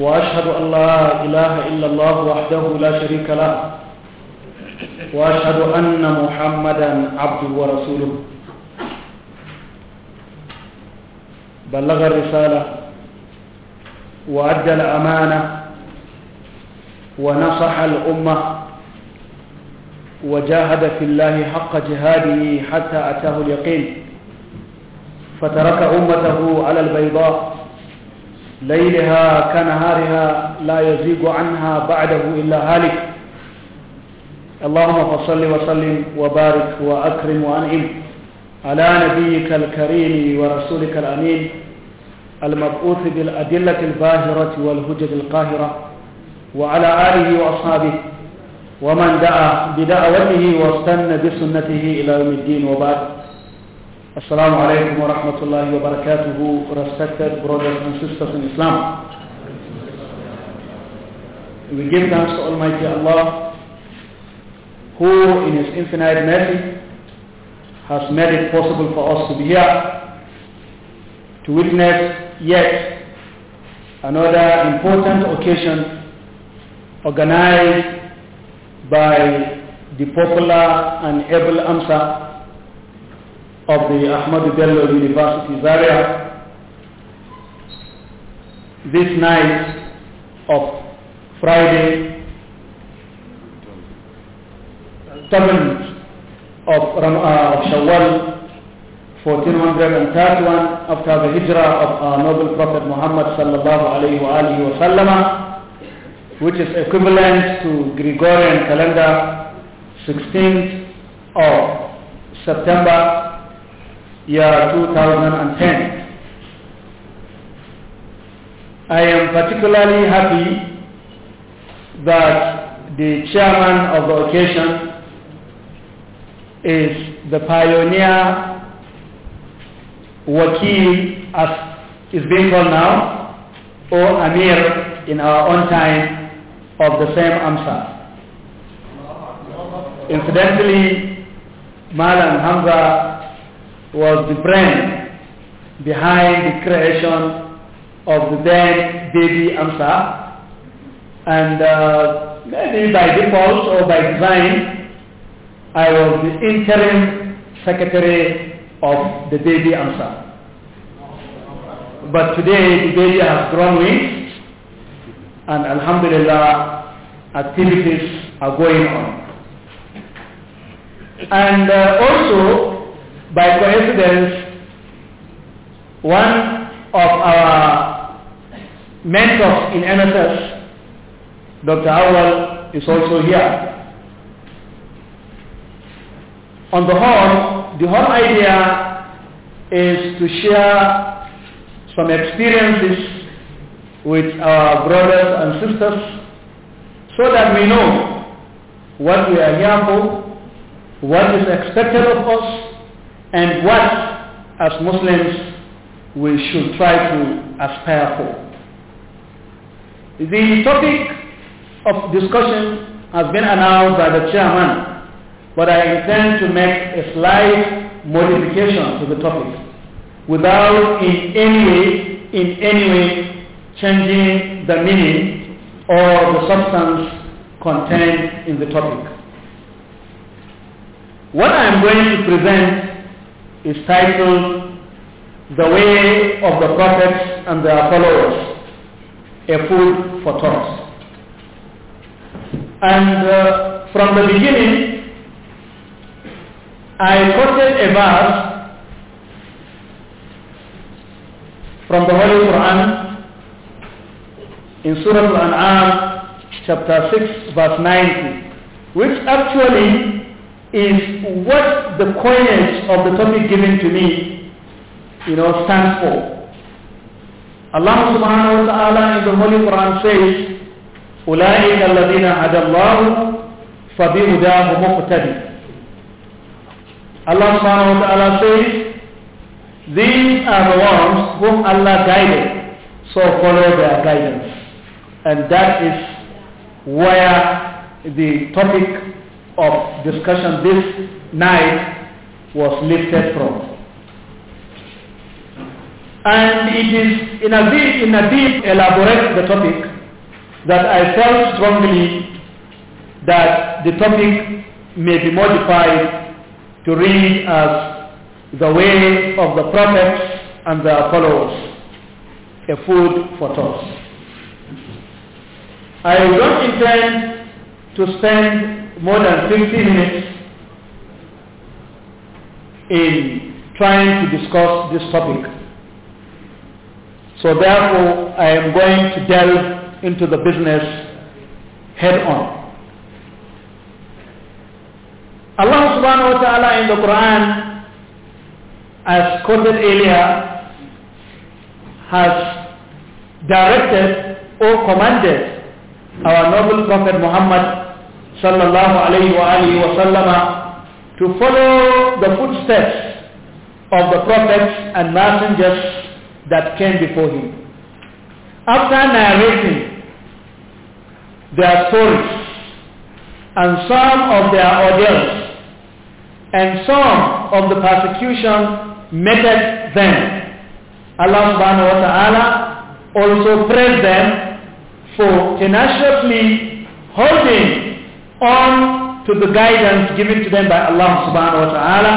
وأشهد أن لا إله إلا الله وحده لا شريك له وأشهد أن محمدا عبده ورسوله بلغ الرسالة وأدى الأمانة ونصح الأمة وجاهد في الله حق جهاده حتى أتاه اليقين فترك أمته على البيضاء ليلها كنهارها لا يزيغ عنها بعده إلا هالك اللهم فصل وسلم وبارك وأكرم وأنعم على نبيك الكريم ورسولك الأمين المبعوث بالأدلة الباهرة والهجج القاهرة وعلى آله وأصحابه ومن دعا بدعوته واستنى بسنته إلى يوم الدين وبعد Assalamu alaikum wa rahmatullahi wa barakatuhu, respected brothers and sisters in Islam. We give thanks to Almighty Allah, who in His infinite mercy has made it possible for us to be here, to witness yet another important occasion organized by the popular and able AMSA of the Ahmad Bello University Zaria this night of Friday 7th of, Ram uh, of Shawwal 1431 after the hijrah of our noble Prophet Muhammad sallallahu alayhi wa alihi wa which is equivalent to Gregorian calendar 16th of September year 2010. I am particularly happy that the chairman of the occasion is the pioneer Wakil as is being called now or Amir in our own time of the same AMSA. Incidentally, Malan Hamza was the brain behind the creation of the then baby Amsa. And uh, maybe by default or by design, I was the interim secretary of the baby Amsa. But today the baby has grown wings and Alhamdulillah activities are going on. And uh, also by coincidence, one of our mentors in NSS, Dr. Awal, is also here. On the whole, the whole idea is to share some experiences with our brothers and sisters so that we know what we are here for, what is expected of us, and what as Muslims we should try to aspire for. The topic of discussion has been announced by the chairman, but I intend to make a slight modification to the topic without in any way, in any way changing the meaning or the substance contained in the topic. What I am going to present is titled The Way of the Prophets and Their Followers, A Food for Thought. And uh, from the beginning, I quoted a verse from the Holy Quran in Surah Al-An'am chapter 6 verse 90, which actually is what the coinage of the topic given to me, you know, stands for. Allah subhanahu wa ta'ala in the Holy Quran says, أولئك الذين هدى الله فبهداه مقتدي Allah subhanahu wa ta'ala says, these are the ones whom Allah guided, so follow their guidance. And that is where the topic of discussion this night was lifted from. And it is in a deep, in a deep elaborate the topic that I felt strongly that the topic may be modified to read as the way of the prophets and their followers, a food for thought. I don't intend to spend more than 50 minutes in trying to discuss this topic. So therefore, I am going to delve into the business head on. Allah subhanahu wa ta'ala in the Quran, as quoted earlier, has directed or commanded our noble Prophet Muhammad sallallahu alayhi wa alihi wa sallama to follow the footsteps of the prophets and messengers that came before him. After narrating their stories and some of their ordeals and some of the persecution meted them, Allah subhanahu wa ta'ala also praised them for tenaciously holding on to the guidance given to them by Allah subhanahu wa ta'ala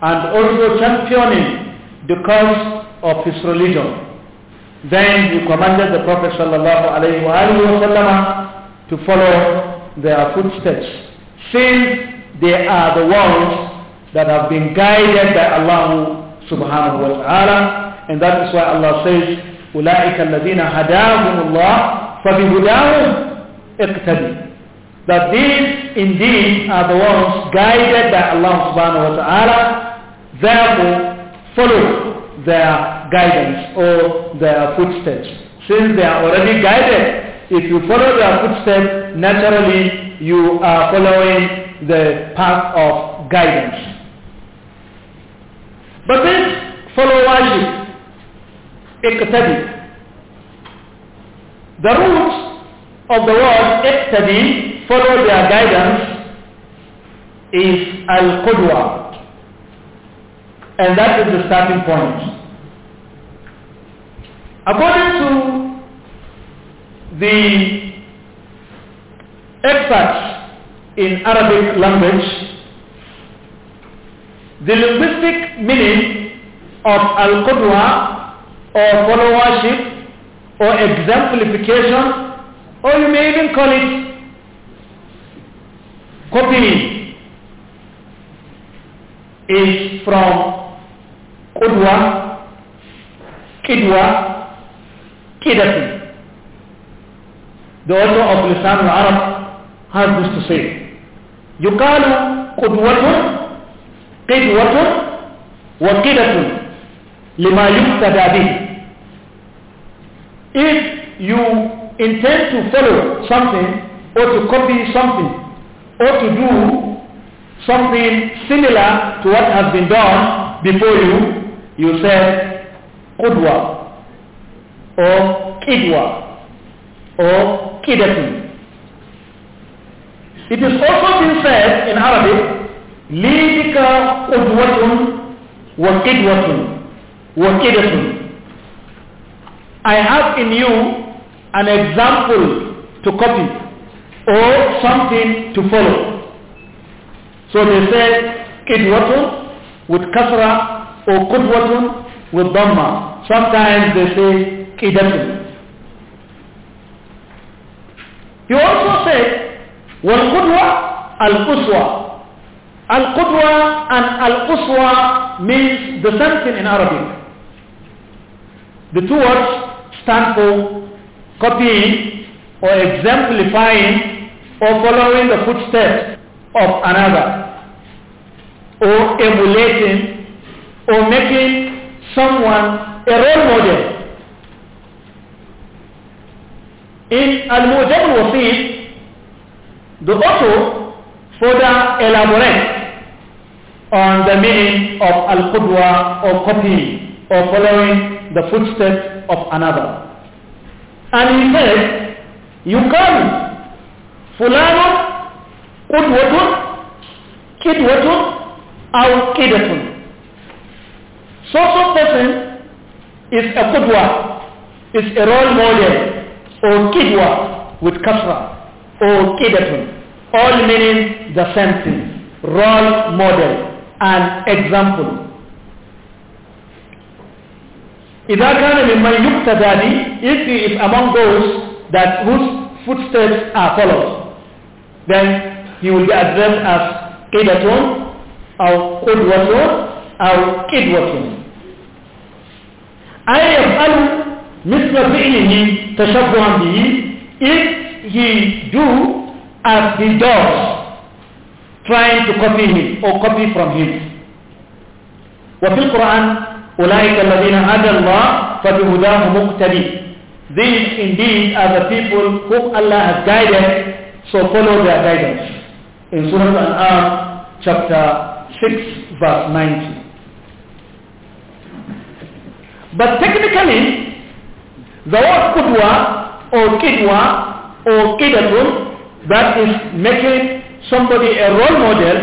and also championing the cause of his religion. Then he commanded the Prophet sallallahu alayhi wa to follow their footsteps since they are the ones that have been guided by Allah subhanahu wa ta'ala and that is why Allah says أولئك الذين هداهم الله فبهداهم اقتدي that these indeed are the ones guided by Allah subhanahu wa ta'ala, therefore follow their guidance or their footsteps. Since they are already guided, if you follow their footsteps, naturally you are following the path of guidance. But this followership, iqtadi, the root of the word iqtadi follow their guidance is al-qudwa. And that is the starting point. According to the experts in Arabic language, the linguistic meaning of al-qudwa or followership or exemplification or you may even call it copying is from Qudwa, Qidwa, Qidatu. The author of Lisan al-Arab has this to say. يقال قدوة قدوة وقدة لما يقتدى به. If you intend to follow something or to copy something or to do something similar to what has been done before you, you say Qudwa or Kidwa or Kidatun. It is also been said in Arabic, wa قُدْوَةٌ wa وَكِدَةٌ I have in you an example to copy or something to follow. So they say kidwatun with kasra or kudwatun with dhamma. Sometimes they say kidatun. He also said, wal-qudwa al-quswa. Al-qudwa and al-quswa means the same thing in Arabic. The two words stand for copying or exemplifying or following the footsteps of another or emulating or making someone a role model. In al Mujam al the author further elaborates on the meaning of Al-Qudwa or copying or following the footsteps of another. And he says, you can. fulano qudwatun kidwatun aw kidatun so so person is a qudwa is a role model or kidwa with kasra or kidatun all meaning the same thing role model and example إذا كان ممن يقتدى به if he is among those that whose footsteps are followed then you will be addressed as qidatun or qudwatun or qidwatun أي يفعل مثل فعله تشبها به if he do as he does trying to copy him or copy from him وفي القرآن أولئك الذين هدى الله فبهداه مقتدي These indeed are the people whom Allah has guided so follow their guidance. In Surah Al-An'am, chapter 6, verse 90. But technically, the word kudwa or kidwa or kidatun, that is making somebody a role model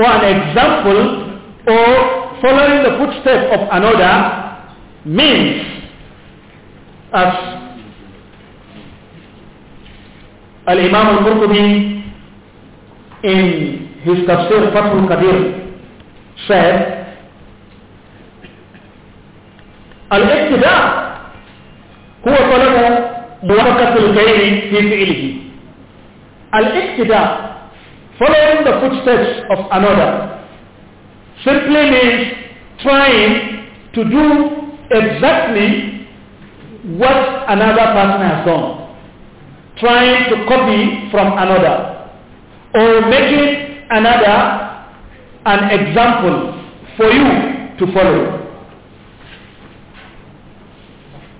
or an example or following the footsteps of another means as Al-Imam Al-Qurtubi in his tafsir Fathul Qadir said, Al-Iqtida هو طلب موافقة الغير في فعله. following the footsteps of another simply means trying to do exactly what another person has done trying to copy from another or making another an example for you to follow.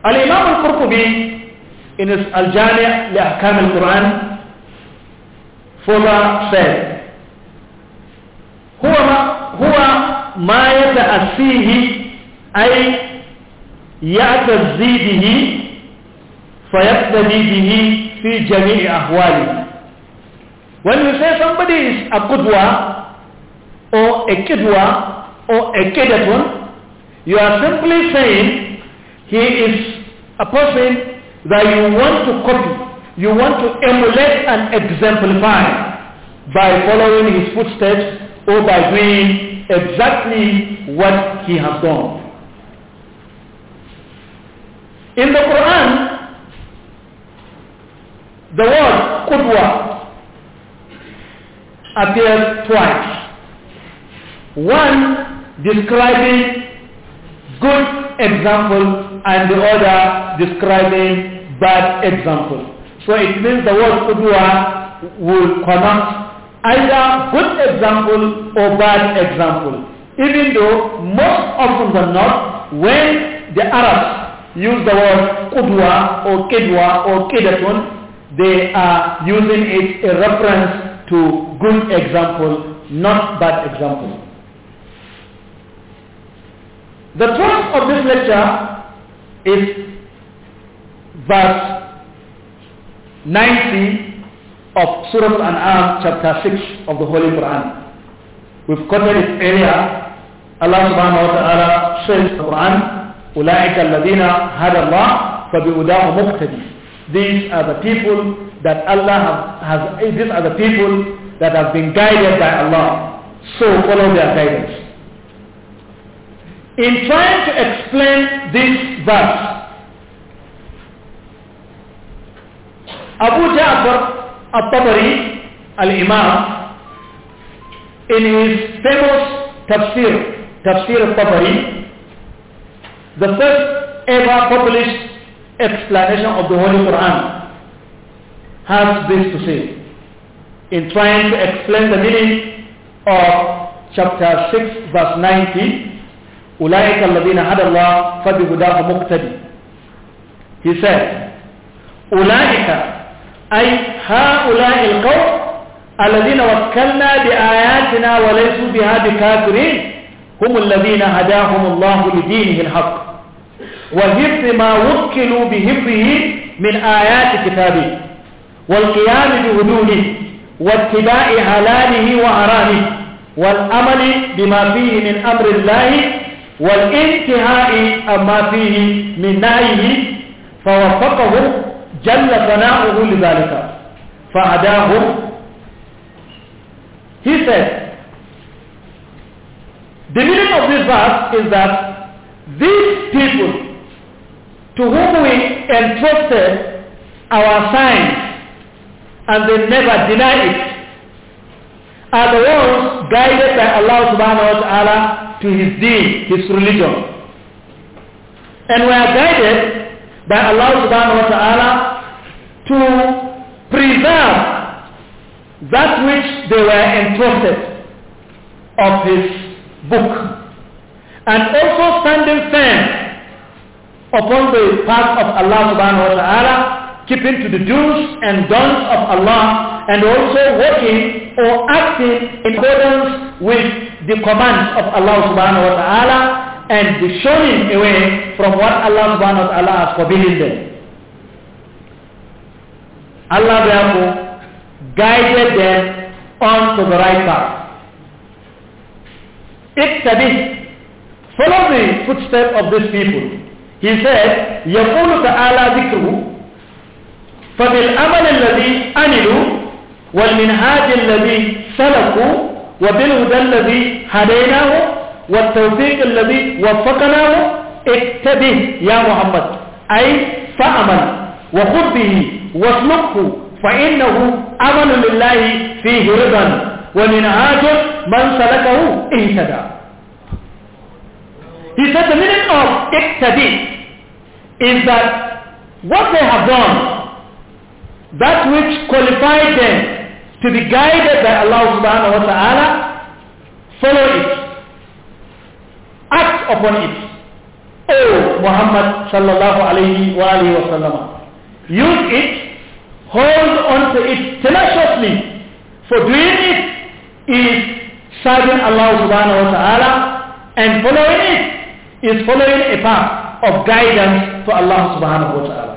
الإمام القرطبي in his الجامع لأحكام القرآن further said هو ما, هو ما يتأسيه أي يعتزي به فيقتدي به fi jami'i ahwali. When you say somebody is a qudwa or a kidwa or a kedatun, you are simply saying he is a person that you want to copy, you want to emulate and exemplify by following his footsteps or by doing exactly what he has done. In the Quran, The word kudwa appears twice. One describing good example and the other describing bad example. So it means the word kudwa will connect either good example or bad example. Even though most often than not, when the Arabs use the word kudwa or kidwa or kidatun, They are using it a reference to good example, not bad example. The thrust of this lecture is verse 90 of Surah Al-An'am chapter 6 of the Holy Quran. We've quoted it earlier. Allah subhanahu wa ta'ala says in the Quran, أُولَٰئِكَ الَّذِينَ هَدَى اللَّهُ these are the people that Allah has, has these are the people that have been guided by Allah. So follow their guidance. In trying to explain this verse, Abu Ja'far al-Tabari, al-Imam, in his famous tafsir, Tafsir al-Tabari, the first ever published explanation of the Holy Quran has this to say in trying to explain the meaning of chapter 6 verse 90 ulaika alladhina hada Allah fabihudahu muqtadi he said ulaika ay haula alqaum alladhina wakkalna biayatina wa laysu bihadi kafirin hum alladhina hadahum Allah li dinihi alhaqq وحفظ ما وكلوا بحفظه من آيات كتابه والقيام بهدوله واتباع حلاله وحرامه والأمل بما فيه من أمر الله والانتهاء أما فيه من نهيه فوفقه جل ثناؤه لذلك فهداهم He said, the meaning of this verse is that these people to whom we entrusted our signs and they never deny it are the ones guided by Allah subhanahu wa ta'ala to his deen, his religion. And we are guided by Allah subhanahu wa ta'ala to preserve that which they were entrusted of his book. And also standing firm upon the path of Allah subhanahu wa ta'ala, keeping to the do's and don'ts of Allah, and also working or acting in accordance with the commands of Allah subhanahu wa ta'ala, and the shunning away from what Allah subhanahu wa ta'ala has forbidden them. Allah therefore guided them onto the right path. Iqtabih, follow the footsteps of these people. He said, يقول تعالى ذكره فبالأمل الذي أنلوا والمنهاج الذي سلكوا وبالهدى الذي هديناه والتوفيق الذي وفقناه اتبه يا محمد أي فأمل وخذ به واسلكه فإنه أمل لله فيه رضا ومنهاج من سلكه اهتدى He said the meaning of اقتدي is that what they have done, that which qualified them to be guided by Allah subhanahu wa ta'ala, follow it. Act upon it. Oh Muhammad sallallahu alayhi wa alayhi wa sallam. Use it, hold on to it tenaciously. For doing it is serving Allah subhanahu wa ta'ala and following it is following a path of guidance for Allah subhanahu wa ta'ala.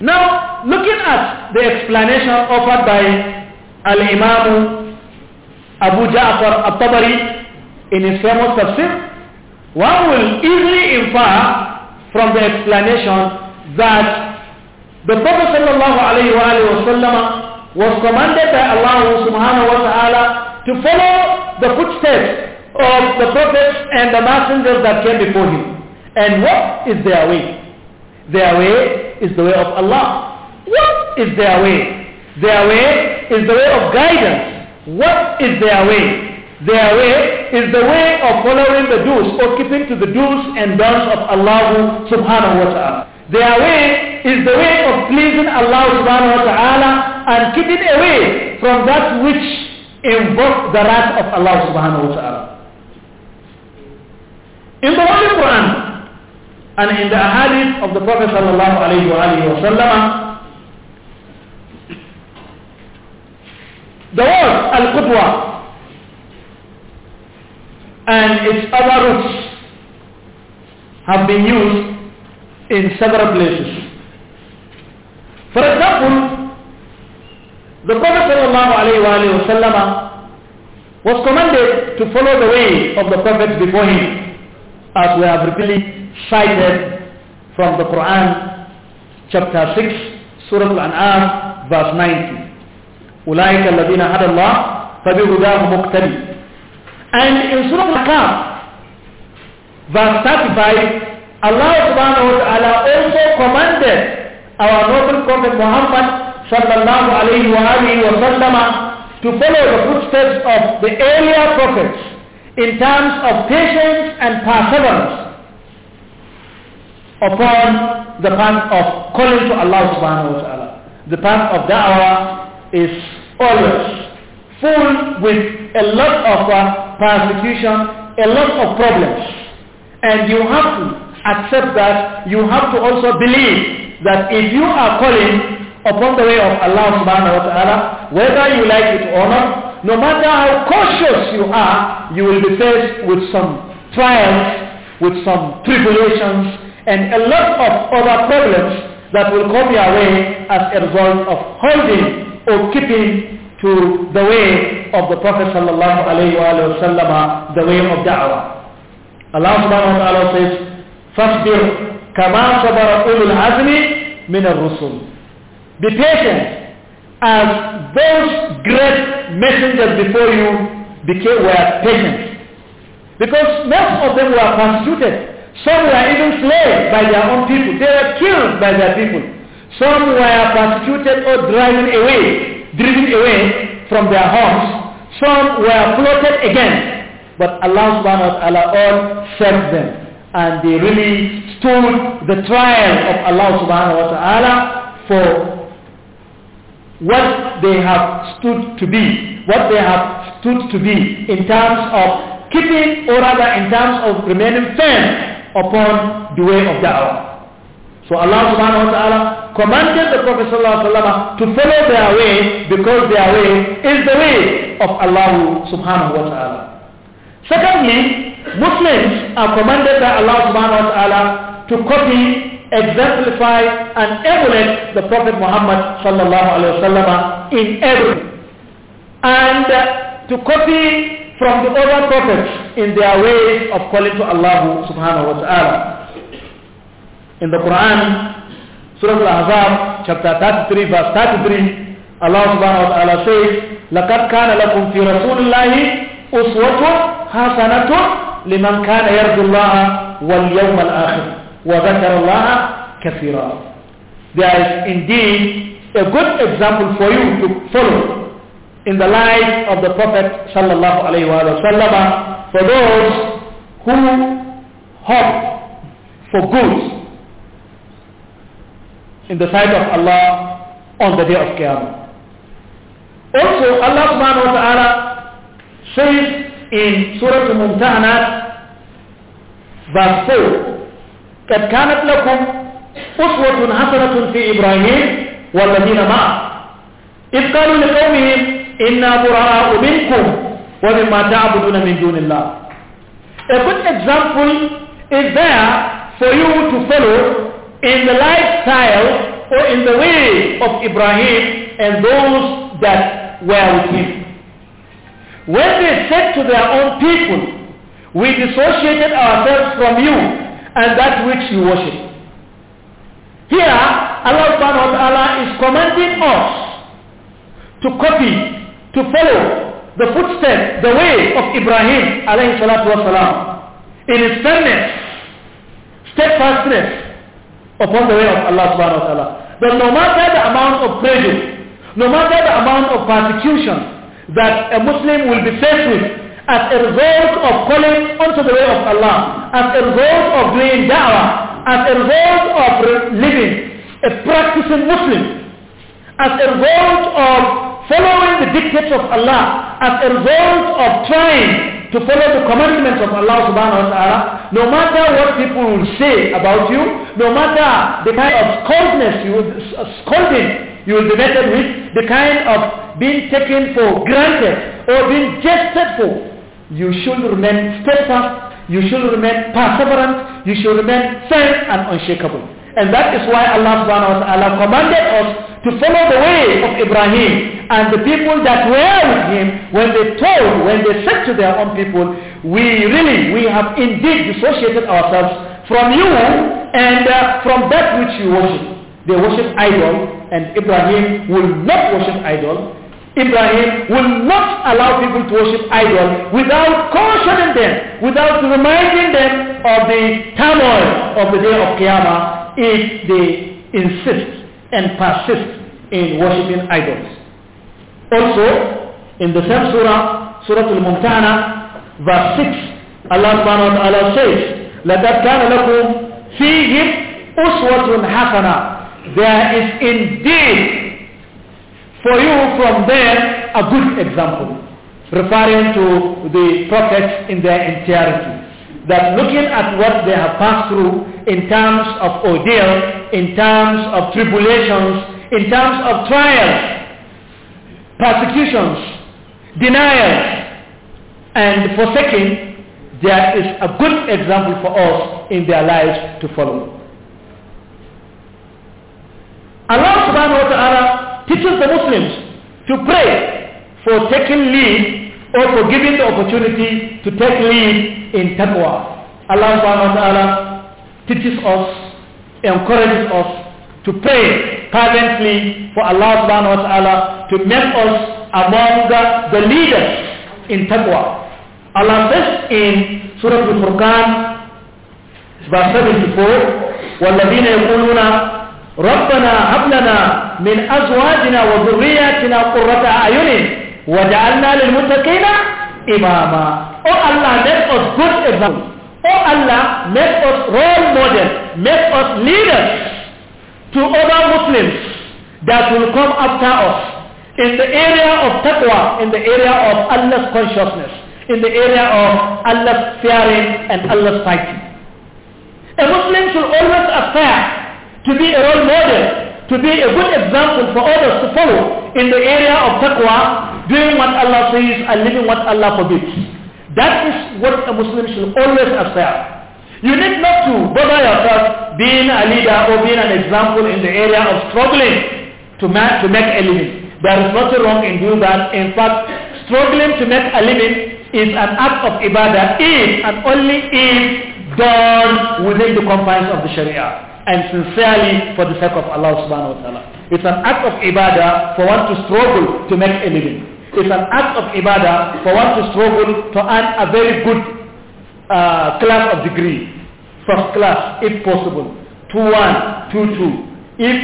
Now, looking at the explanation offered by Al-Imam Abu Ja'far al-Tabari in his famous tafsir, one will easily infer from the explanation that the Prophet sallallahu alayhi wa sallam was commanded by Allah subhanahu wa ta'ala to follow the footsteps of the prophets and the messengers that came before him. And what is their way? Their way is the way of Allah. What is their way? Their way is the way of guidance. What is their way? Their way is the way of following the do's or keeping to the do's and don'ts of Allah subhanahu wa ta'ala. Their way is the way of pleasing Allah subhanahu wa ta'ala and keeping away from that which invokes the wrath of Allah subhanahu wa ta'ala in the Holy Quran and in the ahadith of the Prophet sallallahu alayhi wa sallam the word al-qudwa and its other roots have been used in several places for example the Prophet sallallahu alayhi wa sallam was commanded to follow the way of the prophets before him as we have repeatedly cited from the Quran, chapter 6, Surah Al-An'am, verse 90. أولئك الذين هدى الله فبهداه مقتدي And in Surah Al-Kahf, verse 35, Allah subhanahu wa ta'ala also commanded our noble Prophet Muhammad sallallahu alayhi wa alihi wa sallam to follow the footsteps of the earlier prophets in terms of patience and perseverance upon the path of calling to Allah subhanahu wa ta'ala. The path of da'wah is always full with a lot of uh, persecution, a lot of problems. And you have to accept that, you have to also believe that if you are calling upon the way of Allah subhanahu wa ta'ala, whether you like it or not, no matter how cautious you are, you will be faced with some trials, with some tribulations, and a lot of other problems that will come your way as a result of holding or keeping to the way of the Prophet sallallahu alayhi wa sallam, the way of da'wah. Allah subhanahu wa ta'ala says, فَاصْبِرْ كَمَا صَبَرَ أُولُو الْعَزْمِ مِنَ الرُّسُلِ Be patient as those great messengers before you became, were patient. Because most of them were persecuted. Some were even slain by their own people. They were killed by their people. Some were persecuted or driven away, driven away from their homes. Some were plotted against. But Allah subhanahu wa ta'ala all saved them. And they really stood the trial of Allah subhanahu wa ta'ala for what they have stood to be, what they have stood to be in terms of keeping or rather in terms of remaining firm upon the way of da'wah. So Allah subhanahu wa ta'ala commanded the Prophet sallallahu alaihi wasallam to follow their way because their way is the way of Allah subhanahu wa ta'ala. Secondly, Muslims are commanded by Allah subhanahu wa ta'ala to copy exemplify and emulate the Prophet Muhammad sallallahu alayhi wasallam in everything. And uh, to copy from the other prophets in their ways of calling to Allah subhanahu wa ta'ala. In the Quran, Surah Al-Ahzab, chapter 33, verse 33, Allah subhanahu wa ta'ala says, لَقَدْ كَانَ لَكُمْ فِي رَسُولِ اللَّهِ أُسْوَةٌ حَسَنَةٌ لِمَنْ كَانَ يَرْجُ اللَّهَ وَالْيَوْمَ الْآخِرِ وَذَكَرَ اللَّهَ كَثِيرًا There is indeed a good example for you to follow in the life of the Prophet sallallahu wa sallam for those who hope for good in the sight of Allah on the day of Qiyamah. Also Allah subhanahu wa ta'ala says in Surah Al-Mumtahanat verse 4 قد كانت لكم أسوة حسنة في إبراهيم والذين معه إذ قالوا لقومهم إنا براء منكم ومما تعبدون من دون الله A good example is there for you to follow in the lifestyle or in the way of Ibrahim and those that were with him. When they said to their own people, we dissociated ourselves from you and that which you worship. Here, Allah subhanahu wa ta'ala is commanding us to copy, to follow the footsteps, the way of Ibrahim alayhi salatu wasalam in his firmness, steadfastness upon the way of Allah subhanahu wa ta'ala. That no matter the amount of prejudice, no matter the amount of persecution that a Muslim will be faced with as a result of calling onto the way of Allah, as a result of doing da'wah, as a result of living a practicing Muslim, as a result of following the dictates of Allah, as a result of trying to follow the commandments of Allah subhanahu wa ta'ala, no matter what people will say about you, no matter the kind of coldness you will, scolding you will be met with, the kind of being taken for granted or being jested for you should remain steadfast. You should remain perseverant. You should remain firm and unshakable. And that is why Allah subhanahu wa ta'ala commanded us to follow the way of Ibrahim and the people that were with him when they told, when they said to their own people, we really, we have indeed dissociated ourselves from you and uh, from that which you worship. They worship idol and Ibrahim will not worship idol Ibrahim will not allow people to worship idols without cautioning them, without reminding them of the turmoil of the day of Qiyamah if they insist and persist in worshipping idols. Also, in the same surah, Surah Al-Mumtana, verse 6, Allah subhanahu wa ta'ala says, لَقَدْ كَانَ لَكُمْ فِيهِمْ أُسْوَةٌ حَسَنَةٌ There is indeed for you from there, a good example, referring to the prophets in their entirety. That looking at what they have passed through in terms of ordeal, in terms of tribulations, in terms of trials, persecutions, denials, and forsaking, there is a good example for us in their lives to follow. Allah subhanahu wa ta'ala teaches the Muslims to pray for taking leave or for giving the opportunity to take leave in taqwa. Allah subhanahu wa ta'ala teaches us, encourages us to pray fervently for Allah subhanahu wa ta'ala to make us among the, the leaders in taqwa. Allah says in Surah Al-Furqan verse 74, وَالَّذِينَ يَقُولُونَ ربنا هب لنا من أزواجنا وذرياتنا قرة أعين وجعلنا للمتقين Allah make us good example Oh Allah make us role model make us leaders to other Muslims that will come after us in the area of taqwa in the area of Allah's consciousness in the area of Allah fearing and Allah's fighting a Muslim should always aspire to be a role model, to be a good example for others to follow in the area of taqwa, doing what Allah says and living what Allah forbids. That is what a Muslim should always aspire. You need not to bother yourself being a leader or being an example in the area of struggling to, ma to make a living. There is nothing wrong in doing that. In fact, struggling to make a living is an act of ibadah if and only if done within the confines of the Sharia and sincerely for the sake of Allah subhanahu wa ta'ala. It's an act of ibadah for one to struggle to make a living. It's an act of ibadah for one to struggle to earn a very good uh, class of degree, first class if possible, 2-1, 2-2. If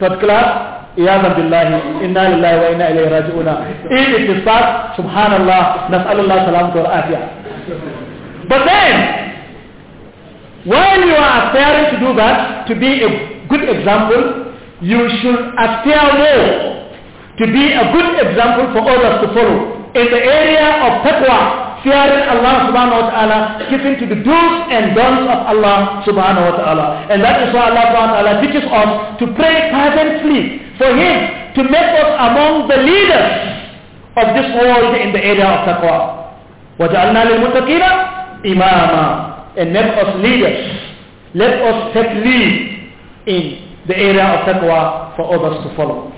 third class, عياذا بالله إنا لله وإنا إليه راجعون إيه اتصال سبحان الله نسأل الله سلامة والعافية But then while you are aspiring to do that, to be a good example, you should aspire more to be a good example for others to follow. In the area of taqwa, fearing Allah subhanahu wa ta'ala, keeping to the do's and don'ts of Allah subhanahu wa ta'ala. And that is why Allah subhanahu wa ta'ala teaches us to pray fervently for Him to make us among the leaders of this world in the area of taqwa. وَجَعَلْنَا لِلْمُتَّقِينَ إِمَامًا and make us leaders. Let us take lead in the area of taqwa for others to follow.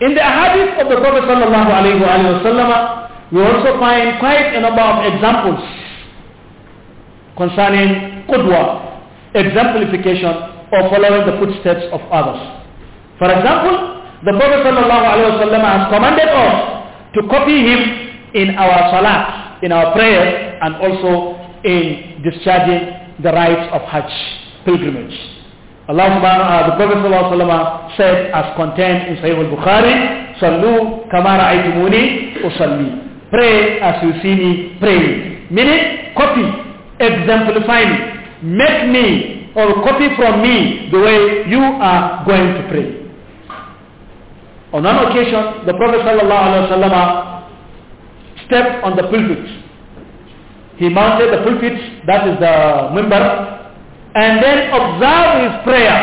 In the hadith of the Prophet sallallahu alaihi wasallam, we also find quite a number of examples concerning qudwa, exemplification or following the footsteps of others. For example, the Prophet sallallahu alaihi wasallam has commanded us to copy him in our salah, in our prayer, and also in discharging the rites of Hajj, pilgrimage. Allah subhanahu wa ta'ala, the Prophet sallallahu alayhi wa said as contained in Sahih al-Bukhari, Sallu kama o usalli. Pray as you see me praying. Meaning, copy, exemplify me, make me or copy from me the way you are going to pray. On one occasion, the Prophet sallallahu alayhi wa stepped on the pulpit. He mounted the pulpit, that is the member, and then observed his prayer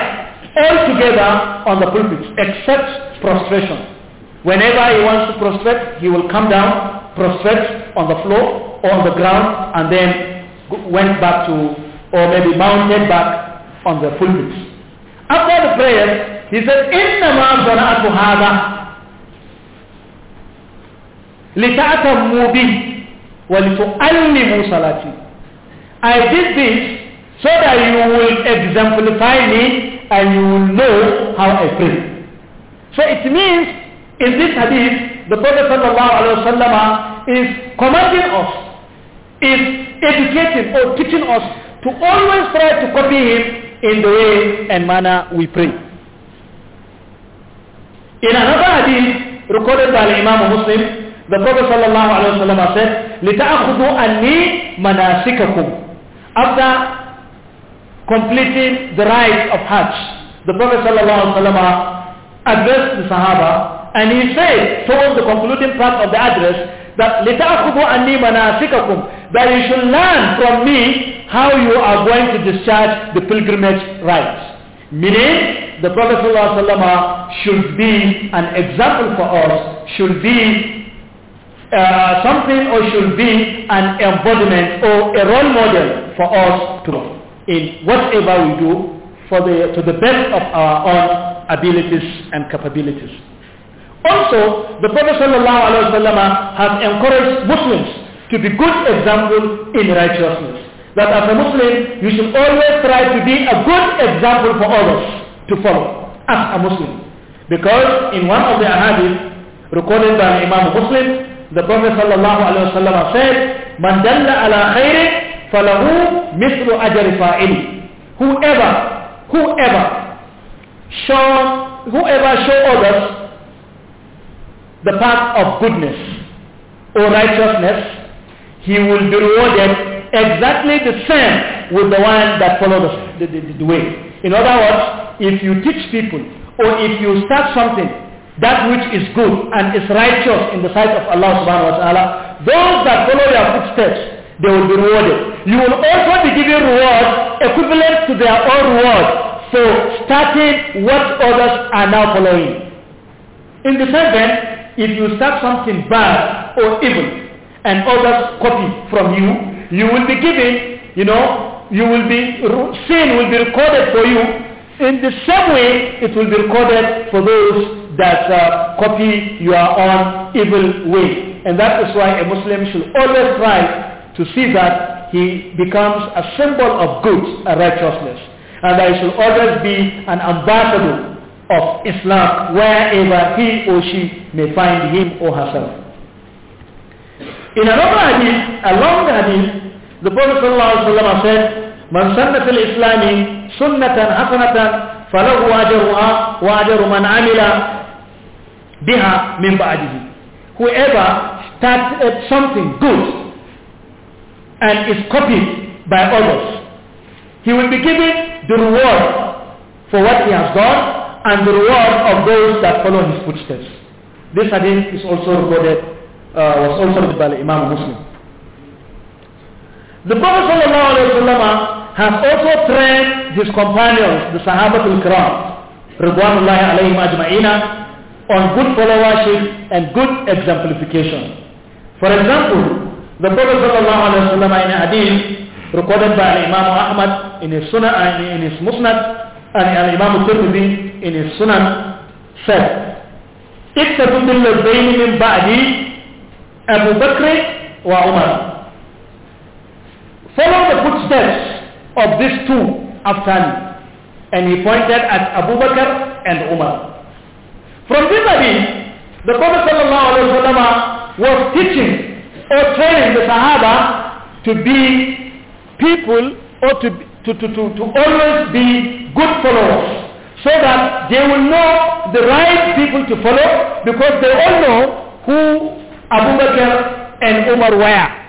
all together on the pulpit, except prostration. Whenever he wants to prostrate, he will come down, prostrate on the floor on the ground, and then went back to, or maybe mounted back on the pulpit. After the prayer, he said, إِنَّمَا صَنَعْتُ هَذَا لِتَأْتَمُّوا بِهِ وَلِتُؤَلِّمُوا صَلَاتِي I did this so that you will exemplify me and you will know how I pray. So it means in this hadith, the Prophet ﷺ is commanding us, is educating or teaching us to always try to copy him in the way and manner we pray. In another hadith recorded by Imam Muslim, the Prophet ﷺ said, لِتَأْخُذُوا أَنِّي مَنَاسِكَكُمْ After completing the rites of Hajj, the Prophet ﷺ addressed the Sahaba and he said towards the concluding part of the address that لِتَأْخُذُوا أَنِّي مَنَاسِكَكُمْ That you should learn from me how you are going to discharge the pilgrimage rites. Meaning, the Prophet ﷺ should be an example for us, should be uh, something or should be an embodiment or a role model for us to know in whatever we do for the, to the best of our own abilities and capabilities. Also, the Prophet ﷺ has encouraged Muslims to be good examples in righteousness. That as a Muslim, you should always try to be a good example for others to follow as a Muslim. Because in one of the ahadith recorded by Imam Muslim, the Prophet sallallahu said, "Man dalla ala khairin falahu mithlu ajri fa'ili." Whoever, whoever show, whoever show others the path of goodness or righteousness, he will be rewarded exactly the same with the one that follows the, the, the way. In other words, if you teach people or if you start something that which is good and is righteous in the sight of Allah subhanahu wa ta'ala, those that follow your footsteps, they will be rewarded. You will also be given reward equivalent to their own reward for starting what others are now following. In the same vein, if you start something bad or evil and others copy from you, you will be given, you know, you will be, sin will be recorded for you. In the same way, it will be recorded for those that uh, copy your own evil way. And that is why a Muslim should always try to see that he becomes a symbol of good and righteousness. And that he should always be an ambassador of Islam wherever he or she may find him or herself. In another hadith, a long hadith, the Prophet ﷺ said, من سن في الإسلام سنة حسنة فله أجرها وأجر من عمل biha min ba'dihi. Whoever starts at something good and is copied by others, he will be given the reward for what he has done and the reward of those that follow his footsteps. This hadith is also recorded, uh, was also recorded by Imam Muslim. The Prophet ﷺ has also trained his companions, the Sahabatul Kiram, Ridwanullahi alayhim ajma'ina, on good followership and good exemplification. For example, the Prophet ﷺ in a hadith recorded by Imam Ahmad in his Sunnah uh, in his Musnad and Imam Tirmidhi in his Sunan said, اكتفوا باللذين من بعدي أبو بكر وعمر Follow the footsteps of these two after me. And he pointed at Abu Bakr and Umar. From this hadith, the Prophet ﷺ was teaching or training the Sahaba to be people or to, to, to, to, to always be good followers so that they will know the right people to follow because they all know who Abu Bakr and Umar were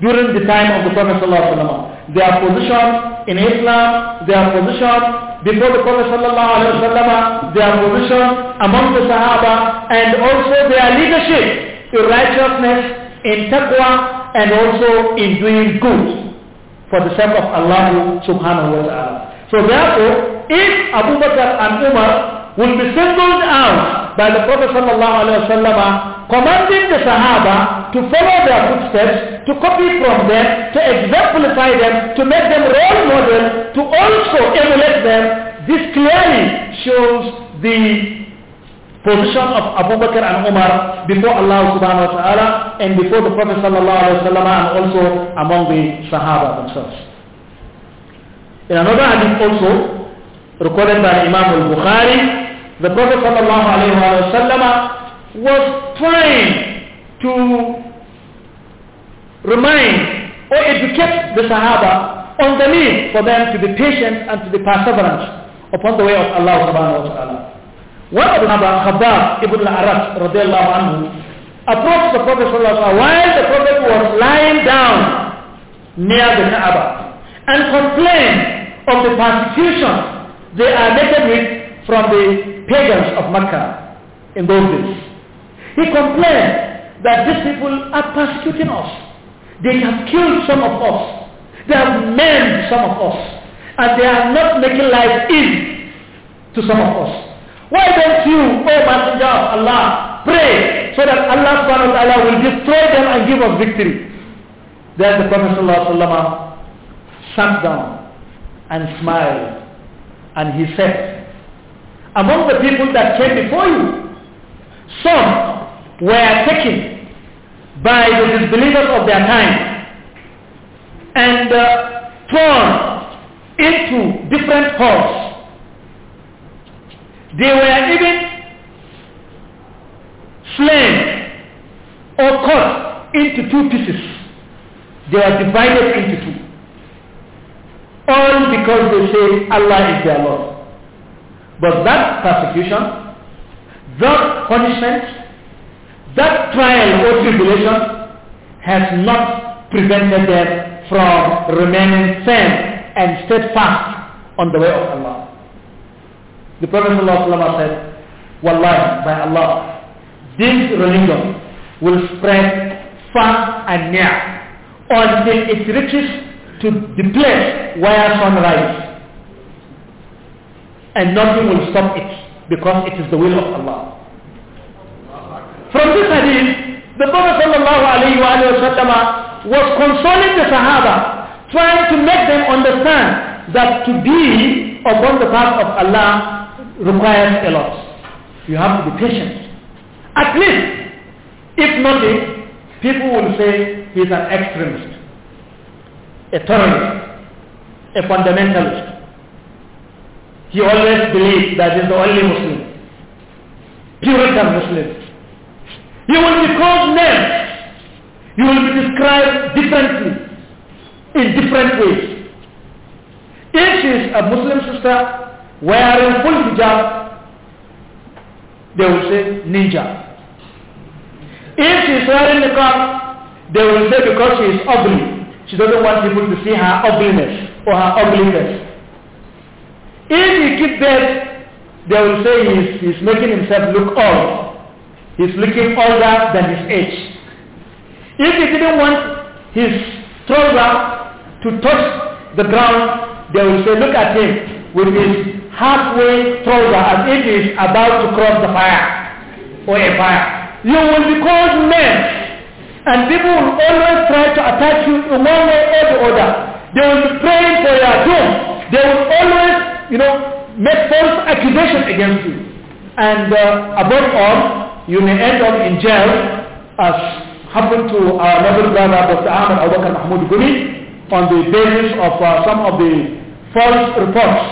during the time of the Prophet sallallahu alaihi wasallam, Their position in Islam, their position before the Prophet sallallahu alaihi wasallam, their position among the Sahaba, and also their leadership in righteousness, in taqwa, and also in doing good for the sake of Allah subhanahu wa ta'ala. So therefore, if Abu Bakr and Umar will be singled out by the Prophet ﷺ uh, commanding the Sahaba to follow their footsteps, to copy from them, to exemplify them, to make them role models, to also emulate them. This clearly shows the position of Abu Bakr and Umar before Allah subhanahu wa ta'ala and before the Prophet sallallahu alayhi wa sallam and also among the Sahaba themselves. In another hadith also, recorded by Imam al-Bukhari, the Prophet ﷺ was trying to remind or educate the Sahaba on the need for them to be patient and to be perseverant upon the way of Allah subhanahu wa ta'ala. One of the Sahaba, Khabbab ibn al-Arab radiallahu anhu, approached the Prophet sallallahu while the Prophet was lying down near the Kaaba and complained of the persecution they are met with from the pagans of Mecca in those days. He complained that these people are persecuting us. They have killed some of us. They have maimed some of us. And they are not making life easy to some of us. Why don't you, O Messenger of Allah, pray so that Allah subhanahu wa ta'ala will destroy them and give us victory. Then the Prophet sat down and smiled and he said, among the people that came before you. Some were taken by the disbelievers of their time and uh, into different hordes. They were even slain or cut into two pieces. They were divided into two. All because they say Allah is their Lord. But that persecution, that punishment, that trial or tribulation has not prevented them from remaining firm and steadfast on the way of Allah. The Prophet ﷺ said, Wallahi, by Allah, this religion will spread far and near until it reaches to the place where sun rises and nothing will stop it because it is the will of Allah. From this hadith, the Prophet ﷺ was consoling the Sahaba, trying to make them understand that to be upon the path of Allah requires a lot. You have to be patient. At least, if nothing, people will say he's an extremist, a terrorist, a fundamentalist. He always believed that is the only Muslim. Puritan Muslim. You will be called names. You will be described differently, in different ways. If she is a Muslim sister wearing full hijab, they will say ninja. If she is wearing niqab, they will say because she is ugly. She doesn't want people to see her ugliness or her ugliness. If he keep that, they will say he's, he's making himself look old. He's looking older than his age. If he didn't want his trouser to touch the ground, they will say, look at him with his halfway trouser as if he is about to cross the fire or a fire. You will be called names. And people will always try to attack you in one way or the other. They will be praying for your doom. They will always you know, make false accusation against you. And uh, above all, you may end up in jail as happened to our noble brother Dr. Ahmed Abu Mahmoud Gumi on the basis of uh, some of the false reports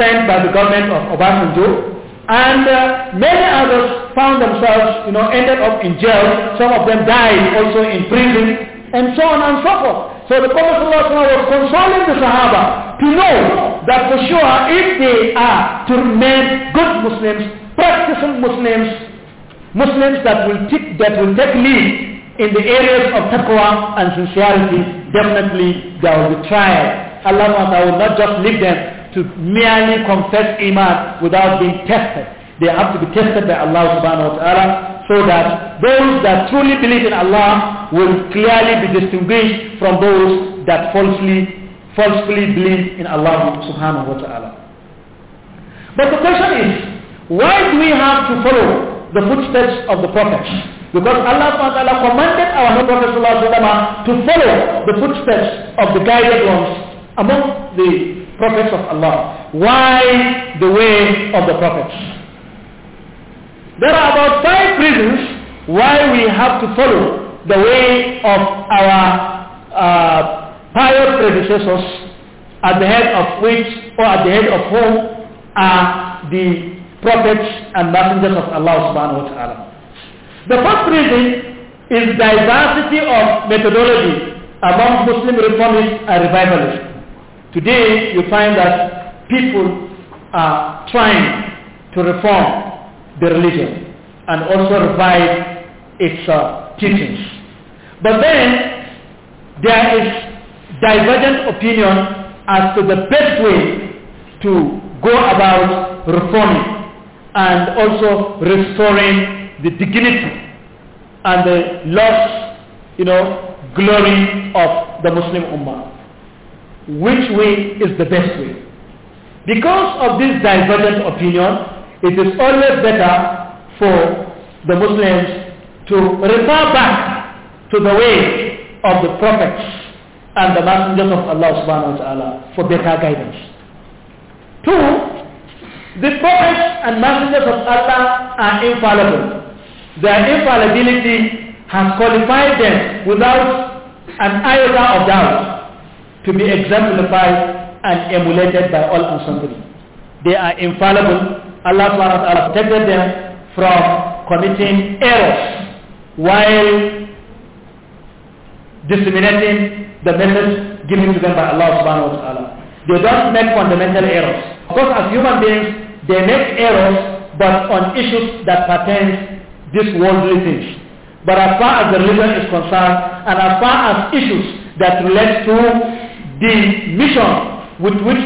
sent by the government of Obasanjo and uh, many others found themselves, you know, ended up in jail. Some of them died also in prison, and so on and so forth. So the Prophet was consoling the Sahaba to know that for sure if they are to remain good Muslims, practicing Muslims, Muslims that will, take, that will take lead in the areas of taqwa and sincerity, definitely there will be trial. Allah will not just leave them to merely confess iman without being tested. They have to be tested by Allah subhanahu wa ta'ala so that those that truly believe in Allah will clearly be distinguished from those that falsely, falsely believe in Allah subhanahu wa ta'ala. But the question is, why do we have to follow the footsteps of the prophets? Because Allah subhanahu wa ta'ala commanded our Prophet to follow the footsteps of the guided ones among the prophets of Allah. Why the way of the prophets? There are about five reasons why we have to follow the way of our uh, prior predecessors at the head of which or at the head of whom are the prophets and messengers of Allah subhanahu wa ta'ala. The first reason is diversity of methodology among Muslim reformists and revivalists. Today you find that people are trying to reform the religion and also revive its uh, teachings. But then there is divergent opinion as to the best way to go about reforming and also restoring the dignity and the lost, you know, glory of the Muslim Ummah. Which way is the best way? Because of this divergent opinion, it is always better for the Muslims to refer back to the way of the prophets and the messengers of Allah subhanahu wa ta'ala for better guidance. Two, the prophets and messengers of Allah are infallible. Their infallibility has qualified them without an iota of doubt to be exemplified and emulated by all and sundry. They are infallible Allah subhanahu wa ta'ala protected them from committing errors while disseminating the message given to them by Allah subhanahu wa ta'ala. They don't make fundamental errors. Of course, as human beings, they make errors, but on issues that pertain this worldly things. But as far as the religion is concerned, and as far as issues that relate to the mission with which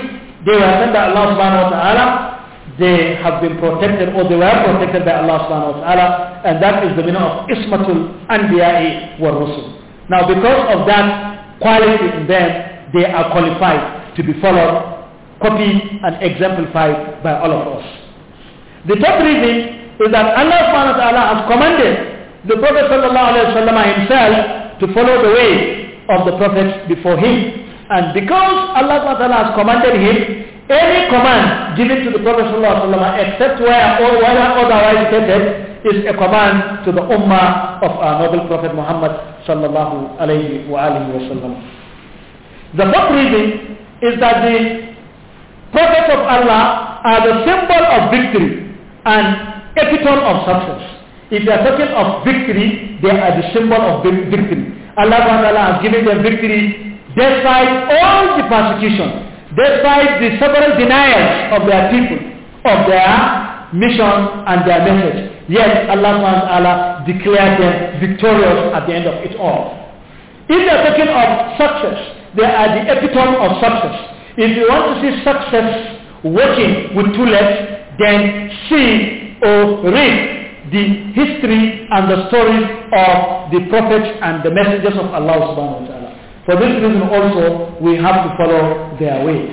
they were sent by Allah subhanahu wa ta'ala, they have been protected or they were protected by Allah subhanahu wa ta'ala and that is the meaning of Ismatul Anbiya'i wa Rusul. Now because of that quality in them, they are qualified to be followed, copied and exemplified by all of us. The third reason is that Allah subhanahu wa ta'ala has commanded the Prophet sallallahu alayhi wa sallam himself to follow the way of the prophets before him. And because Allah subhanahu wa ta'ala has commanded him, any command given to the Prophet ﷺ except where or whether otherwise stated is a command to the Ummah of our noble Prophet Muhammad sallallahu alayhi wa The fourth reason is that the prophets of Allah are the symbol of victory and epitome of success. If they are talking of victory, they are the symbol of victory. Allah has given them victory despite all the persecution despite the several denials of their people, of their mission and their message. Yet Allah SWT declared them victorious at the end of it all. If they are talking of success, they are the epitome of success. If you want to see success working with two legs, then see or read the history and the stories of the prophets and the messengers of Allah subhanahu wa ta'ala. For this reason also, we have to follow their way.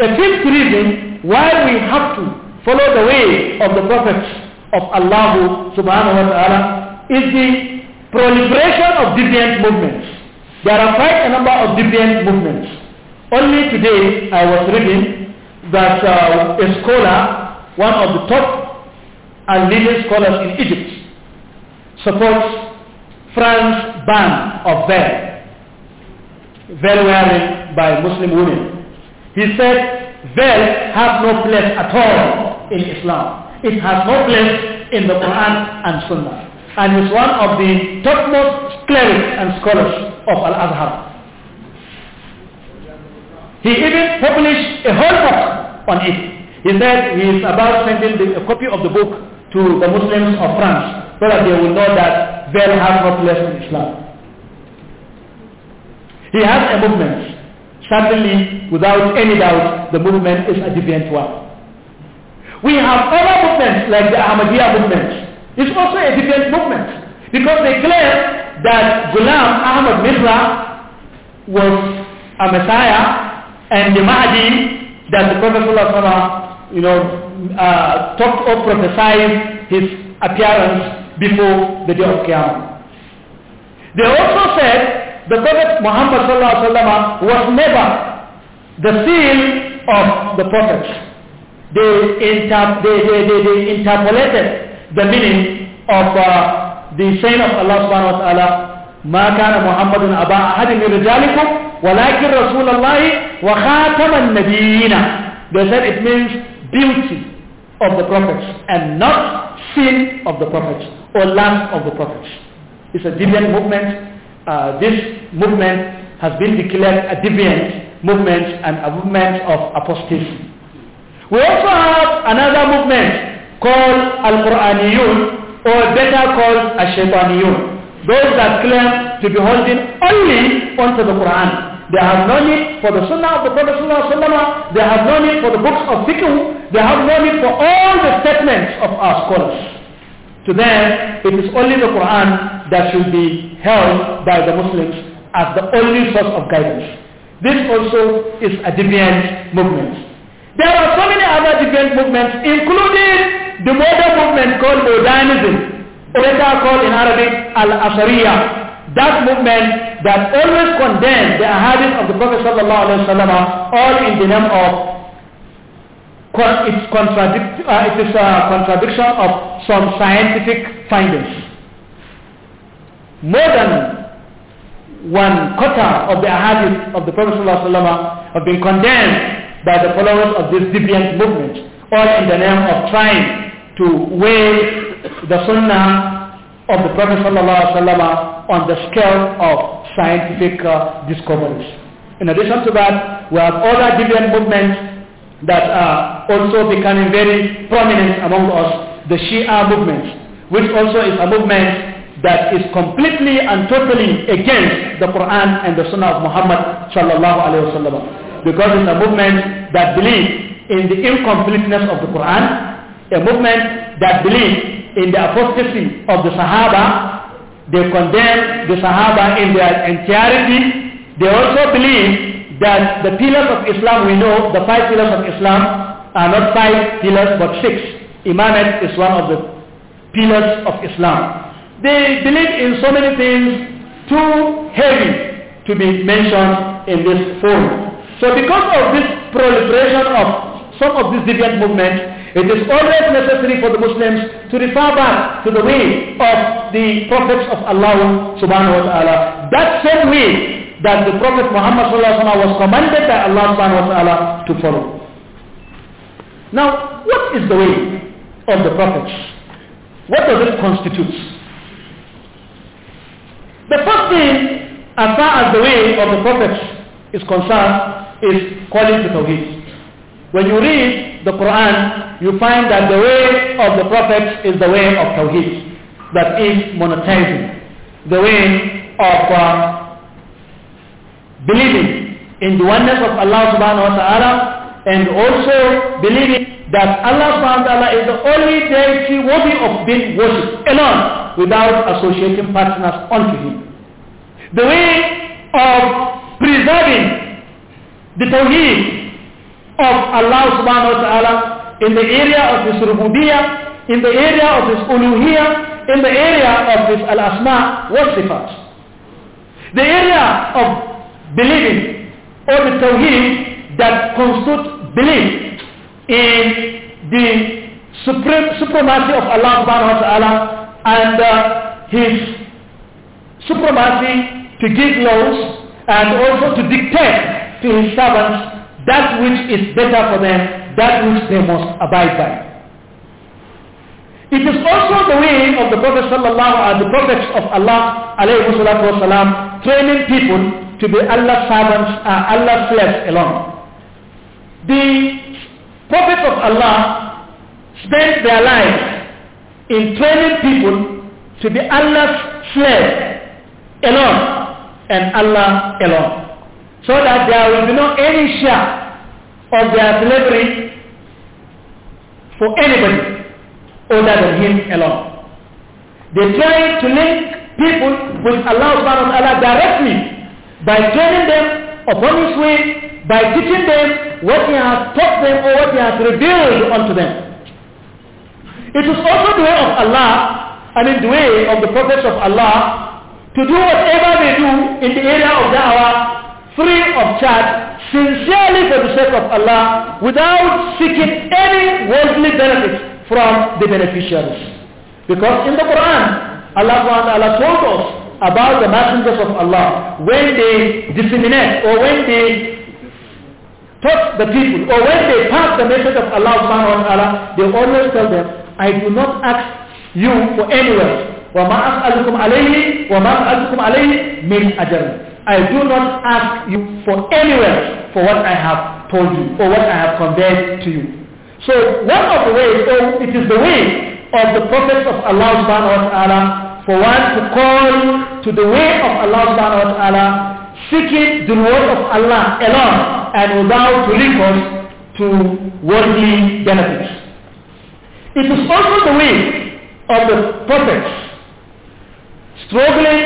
A fifth reason why we have to follow the way of the prophets of Allah subhanahu wa ta'ala is the proliferation of deviant movements. There are quite a number of deviant movements. Only today I was reading that uh, a scholar, one of the top and leading scholars in Egypt, supports France ban of them very wearing by Muslim women. He said, veil has no place at all in Islam. It has no place in the Quran and Sunnah. And is one of the topmost clerics and scholars of Al-Azhar. He even published a whole book on it. He said he is about sending the, a copy of the book to the Muslims of France so that they will know that they has no place in Islam. He has a movement. Certainly, without any doubt, the movement is a deviant one. We have other movements like the Ahmadiyya movement. It's also a deviant movement because they claim that Ghulam Ahmad Mitra was a messiah and the Mahdi that the Prophet you know, uh, talked or prophesied his appearance before the day of Qiyamah. They also said the Prophet Muhammad was never the seal of the prophets. They, inter they, they, they, they interpolated the meaning of uh, the saying of Allah subhanahu wa ta'ala ما كان محمد أبا أحد من رجالكم ولكن رسول الله وخاتم النبيين They said it means beauty of the prophets and not sin of the prophets or lust of the prophets. It's a deviant movement uh, this movement has been declared a deviant movement and a movement of apostasy. We also have another movement called Al-Quraniyun or better called Ash-Shaytaniyun. Those that claim to be holding only onto the Quran. They have no need for the Sunnah of the Prophet Sallallahu They have no need for the books of fiqh. They have no need for all the statements of our scholars. To them, it is only the Quran that should be held by the Muslims as the only source of guidance. This also is a deviant movement. There are so many other deviant movements, including the modern movement called modernism, or better called in Arabic al-Ashariya. That movement that always condemns the ahadith of the Prophet sallallahu alaihi wasallam, all in the name of it's contradict, uh, it is a contradiction of some scientific findings. More than one quarter of the ahadith of the Prophet ﷺ have been condemned by the followers of this deviant movement, all in the name of trying to weigh the sunnah of the Prophet ﷺ on the scale of scientific uh, discoveries. In addition to that, we have other deviant movements that are also becoming very prominent among us, the Shia movement, which also is a movement that is completely and totally against the Quran and the Sunnah of Muhammad sallallahu alaihi wasallam, because it's a movement that believes in the incompleteness of the Quran, a movement that believes in the apostasy of the Sahaba, they condemn the Sahaba in their entirety, they also believe that the pillars of Islam, we know the five pillars of Islam are not five pillars but six. Iman is one of the pillars of Islam. They believe in so many things too heavy to be mentioned in this forum. So because of this proliferation of some of these deviant movements, it is always necessary for the Muslims to refer back to the way of the prophets of Allah subhanahu wa ta'ala. That same way that the Prophet Muhammad was commanded by Allah to follow. Now, what is the way of the Prophet? What does it constitute? The first thing, as far as the way of the Prophet is concerned, is calling to Tawheed. When you read the Quran, you find that the way of the Prophet is the way of Tawheed, that is monetizing, the way of uh, believing in the oneness of Allah subhanahu wa ta'ala and also believing that Allah subhanahu wa ta'ala is the only deity worthy of being worshipped alone without associating partners unto him. The way of preserving the Tawheed of Allah subhanahu wa ta'ala in the area of his rububiyyah, in the area of his uluhiyah, in the area of his al-asma wa sifat. The area of believing or the tawheed that constitutes belief in the supreme supremacy of Allah subhanahu wa ta'ala and uh, his supremacy to give laws and also to dictate to his servants that which is better for them, that which they must abide by. It is also the way of the Prophet sallallahu and the prophets of Allah alayhi training people to be Allah's servants, uh, Allah's slaves alone. The prophets of Allah spent their lives in training people to be Allah's slaves alone and Allah alone. So that there will be no any share of their slavery for anybody other than him alone. They try to link people with Allah subhanahu wa ta'ala directly by training them upon his way, by teaching them what he has taught them or what he has revealed unto them. It is also the way of Allah, I mean the way of the prophets of Allah, to do whatever they do in the area of da'wah, free of charge, sincerely for the sake of Allah, without seeking any worldly benefit from the beneficiaries. Because in the Quran, Allah, Allah told us about the messengers of Allah, when they disseminate or when they touch the people or when they pass the message of Allah subhanahu wa ta'ala, they always tell them, I do not ask you for any wealth. وَمَا أَسْأَلُكُمْ عَلَيْهِ وَمَا أَسْأَلُكُمْ عَلَيْهِ مِنْ أَجَرٍ I do not ask you for any wealth for what I have told you or what I have conveyed to you. So one of the ways, or it is the way of the prophets of Allah subhanahu wa ta'ala for one to call to the way of Allah subhanahu wa ta'ala, seeking the word of Allah alone and without recourse to worldly benefits. It is also the way of the prophets struggling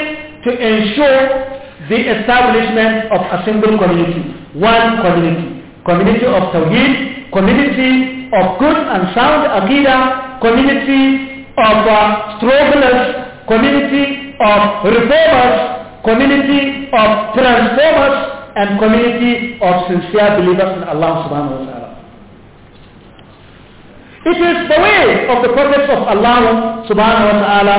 to ensure the establishment of a single community, one community, community of Tawheed, community of good and sound Aqidah, community of uh, strugglers community of reformers, community of transformers, and community of sincere believers in Allah subhanahu wa ta'ala. It is the way of the prophets of Allah subhanahu wa ta'ala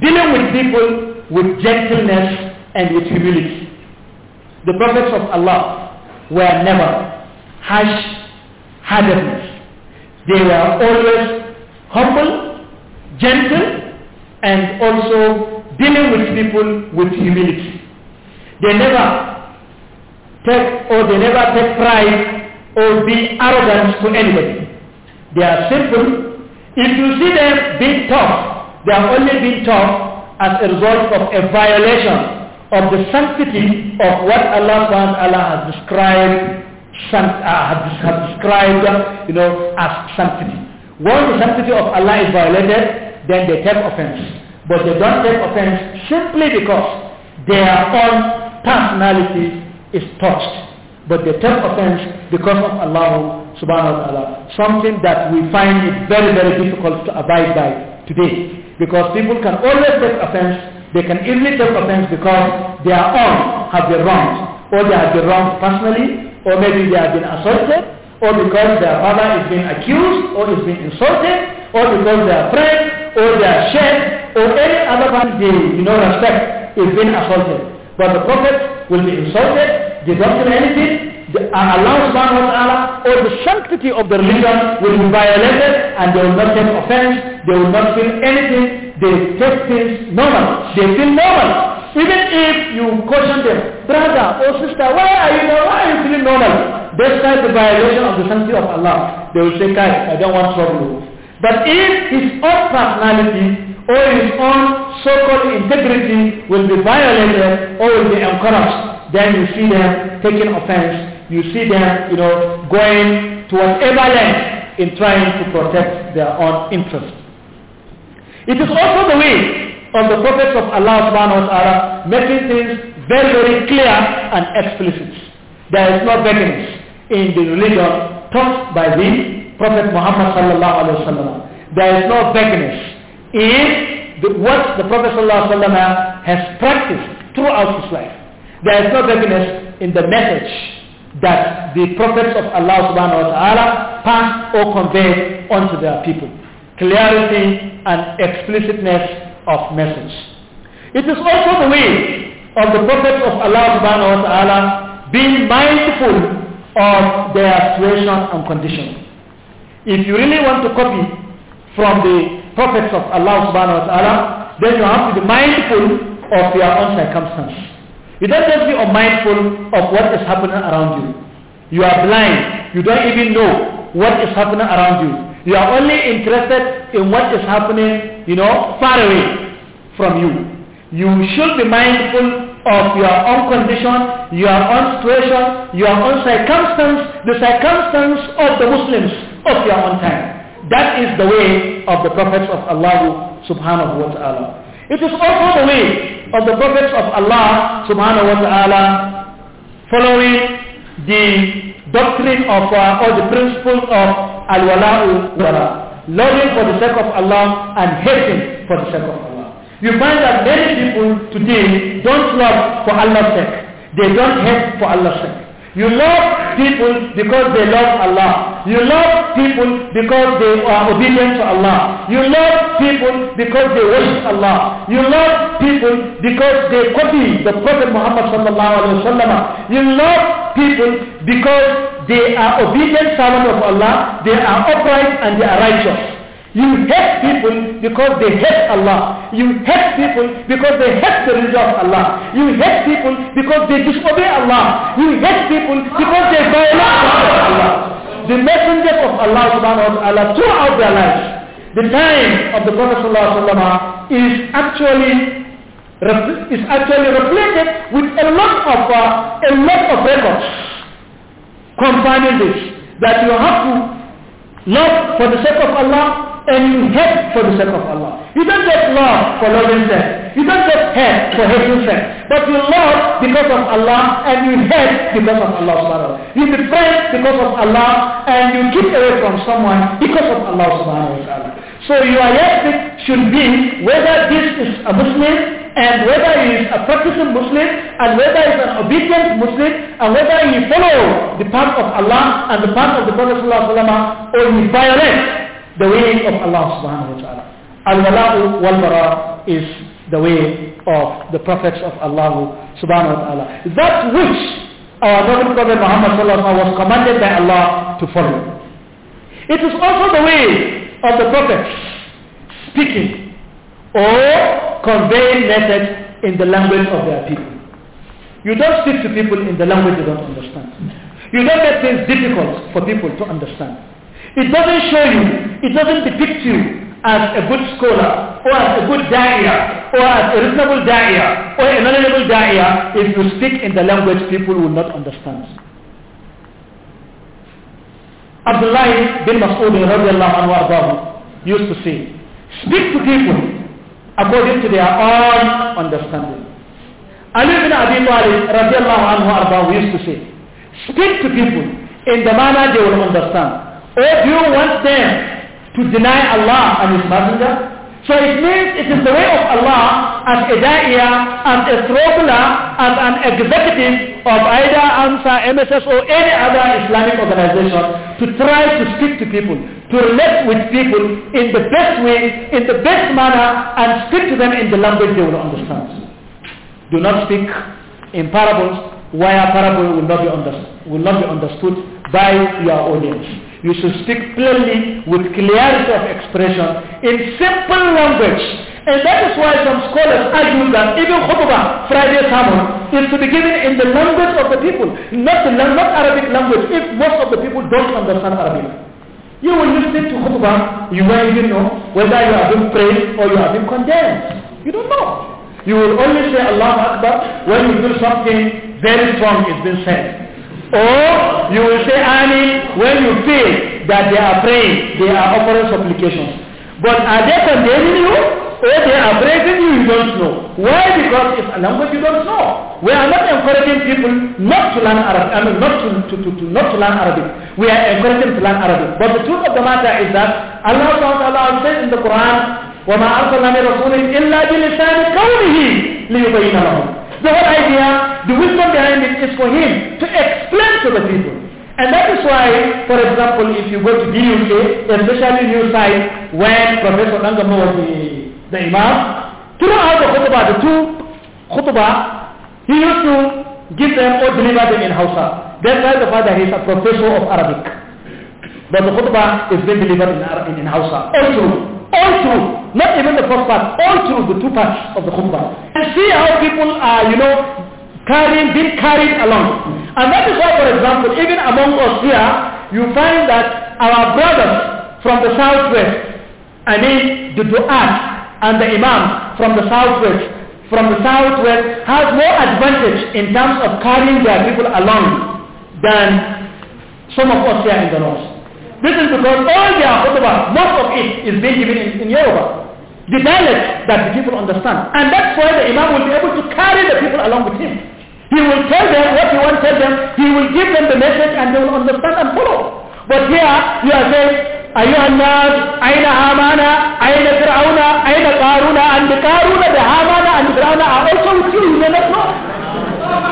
dealing with people with gentleness and with humility. The prophets of Allah were never harsh-heartedness. They were always humble, gentle, and also dealing with people with humility. They never take or they never take pride or be arrogant to anybody. They are simple. If you see them being tough, they are only being tough as a result of a violation of the sanctity of what Allah subhanahu has described uh, has described you know as sanctity. Once the sanctity of Allah is violated, then they take offense. But they don't take offense simply because their own personality is touched. But they take offense because of Allah subhanahu wa ta'ala. Something that we find very, very difficult to abide by today. Because people can always take offense. They can easily take offense because their own have been wronged. Or they have been wronged personally, or maybe they have been assaulted, or because their father is being accused, or is being insulted, or because their friend or their shed or any other one they do not respect is being assaulted. But the Prophet will be insulted, they don't do anything, the, uh, Allah subhanahu wa ta'ala or the sanctity of the religion will be violated and they will not take offense, they will not feel anything, they take things normal, they feel normal. Even if you caution them, brother or sister, why are you, why are you feeling normal? Despite the violation of the sanctity of Allah, they will say, guys, I don't want trouble but if his own personality or his own so-called integrity will be violated or will be encouraged, then you see them taking offense. You see them, you know, going to whatever length in trying to protect their own interests. It is also the way of the prophets of Allah subhanahu wa ta'ala making things very, very clear and explicit. There is no vagueness in the religion taught by the Prophet Muhammad sallallahu alaihi wasallam. There is no vagueness in the, what the Prophet sallallahu alaihi wasallam has practiced throughout his life. There is no vagueness in the message that the prophets of Allah subhanahu wa ta'ala passed or conveyed onto their people. Clarity and explicitness of message. It is also the way of the prophets of Allah subhanahu wa ta'ala being mindful of their situation and condition. If you really want to copy from the prophets of Allah subhanahu wa ta'ala, then you have to be mindful of your own circumstance. You don't just be unmindful of what is happening around you. You are blind. You don't even know what is happening around you. You are only interested in what is happening, you know, far away from you. You should be mindful of your own condition, your own situation, your own circumstance, the circumstance of the Muslims of your own time. That is the way of the prophets of Allah subhanahu wa ta'ala. It is also the way of the prophets of Allah subhanahu wa ta'ala following the doctrine of uh, or the principle of al-wala'u wara. Loving for the sake of Allah and hating for the sake of Allah. You find that many people today don't love for Allah's sake. They don't hate for Allah's sake. You love people because they love Allah. You love people because they are obedient to Allah. You love people because they worship Allah. You love people because they copy the Prophet Muhammad sallallahu alaihi wasallam. You love people because they are obedient servants of Allah. They are upright and they are righteous. You hate people because they hate Allah. You hate people because they hate the religion of Allah. You hate people because they disobey Allah. You hate people because they violate Allah. The messengers of Allah subhanahu wa ta'ala throughout their lives, the time of the Prophet sallallahu is actually is actually reflected with a lot of uh, a lot of records combining this that you have to love for the sake of Allah and you hate for the sake of Allah. You don't just love for loving sake. You don't just hate for hating sake. But you love because of Allah and you hate because of Allah subhanahu wa ta'ala. You befriend because of Allah and you keep away from someone because of Allah subhanahu wa ta'ala. So your yardstick should be whether this is a Muslim and whether he is a practicing Muslim and whether he is an obedient Muslim and whether he follows the path of Allah and the path of the Prophet ﷺ or he violates the way of Allah subhanahu wa ta'ala. Al-wala'u wal-bara is the way of the prophets of Allah subhanahu wa ta'ala. That which our Prophet Muhammad sallallahu alaihi was commanded by Allah to follow. It is also the way of the prophets speaking or conveying message in the language of their people. You don't speak to people in the language they don't understand. You don't make things difficult for people to understand. It doesn't show you, it doesn't depict you as a good scholar, or as a good da'iyah, or as a reasonable da'iyah, or a honorable da'iyah, if you speak in the language people will not understand. Abdullah bin Mas'ud anhu used to say, speak to people according to their own understanding. Ali bin Abi Talib radiallahu used to say, speak to people in the manner they will understand. Or do you want them to deny Allah and His Messenger? So it means it is the way of Allah as a da'iyah, as a throttler, as an executive of either ANSA, MSS or any other Islamic organization to try to speak to people, to relate with people in the best way, in the best manner and speak to them in the language they will understand. Do not speak in parables where a parable will not be will not be understood by your audience. You should speak plainly with clarity of expression in simple language. And that is why some scholars argue that even khutbah, Friday sermon, is to be given in the language of the people, not, the, not Arabic language, if most of the people don't understand Arabic. You will listen to khutbah, you won't even know whether you have been praised or you have been condemned. You don't know. You will only say Allah Akbar when you do something very strong is being said. Or you will say mean, when you feel that they are praying, they are offering supplications. But are they condemning you? Or they are praising you, you don't know. Why? Because it's a language you don't know. We are not encouraging people not to learn Arabic. I mean, not to, to, to, to not to learn Arabic. We are encouraging to learn Arabic. But the truth of the matter is that Allah says in the Quran, وَمَا أَرْسَلْنَا مِنْ رَسُولٍ إِلَّا بِلِسَانِ قَوْمِهِ لِيُبَيِّنَ لَهُمْ the whole idea, the wisdom behind it is for him to explain to the people. And that is why, for example, if you go to the UK, especially new site, when Professor Nangamo was the, the Imam, throughout the khutbah, the two khutbah, he used to give them or deliver them in Hausa. That's why the father is a professor of Arabic. But the khutbah is being delivered in, in Hausa. Also, all through, not even the first part, all through the two parts of the khutbah. And see how people are, you know, carrying, being carried along. And that is why, for example, even among us here, you find that our brothers from the southwest, I mean the du'at and the imam from the southwest, from the southwest has more advantage in terms of carrying their people along than some of us here in the north. This is because all their khutbah, most of it is being given in, in Yoruba. The dialect that the people understand. And that's why the Imam will be able to carry the people along with him. He will tell them what he wants to tell them. He will give them the message and they will understand and follow. But here, you are saying, أيها الناس أين هامان أين فرعون أين قارون and the قارون the Haman and Fir'aun are also with you you know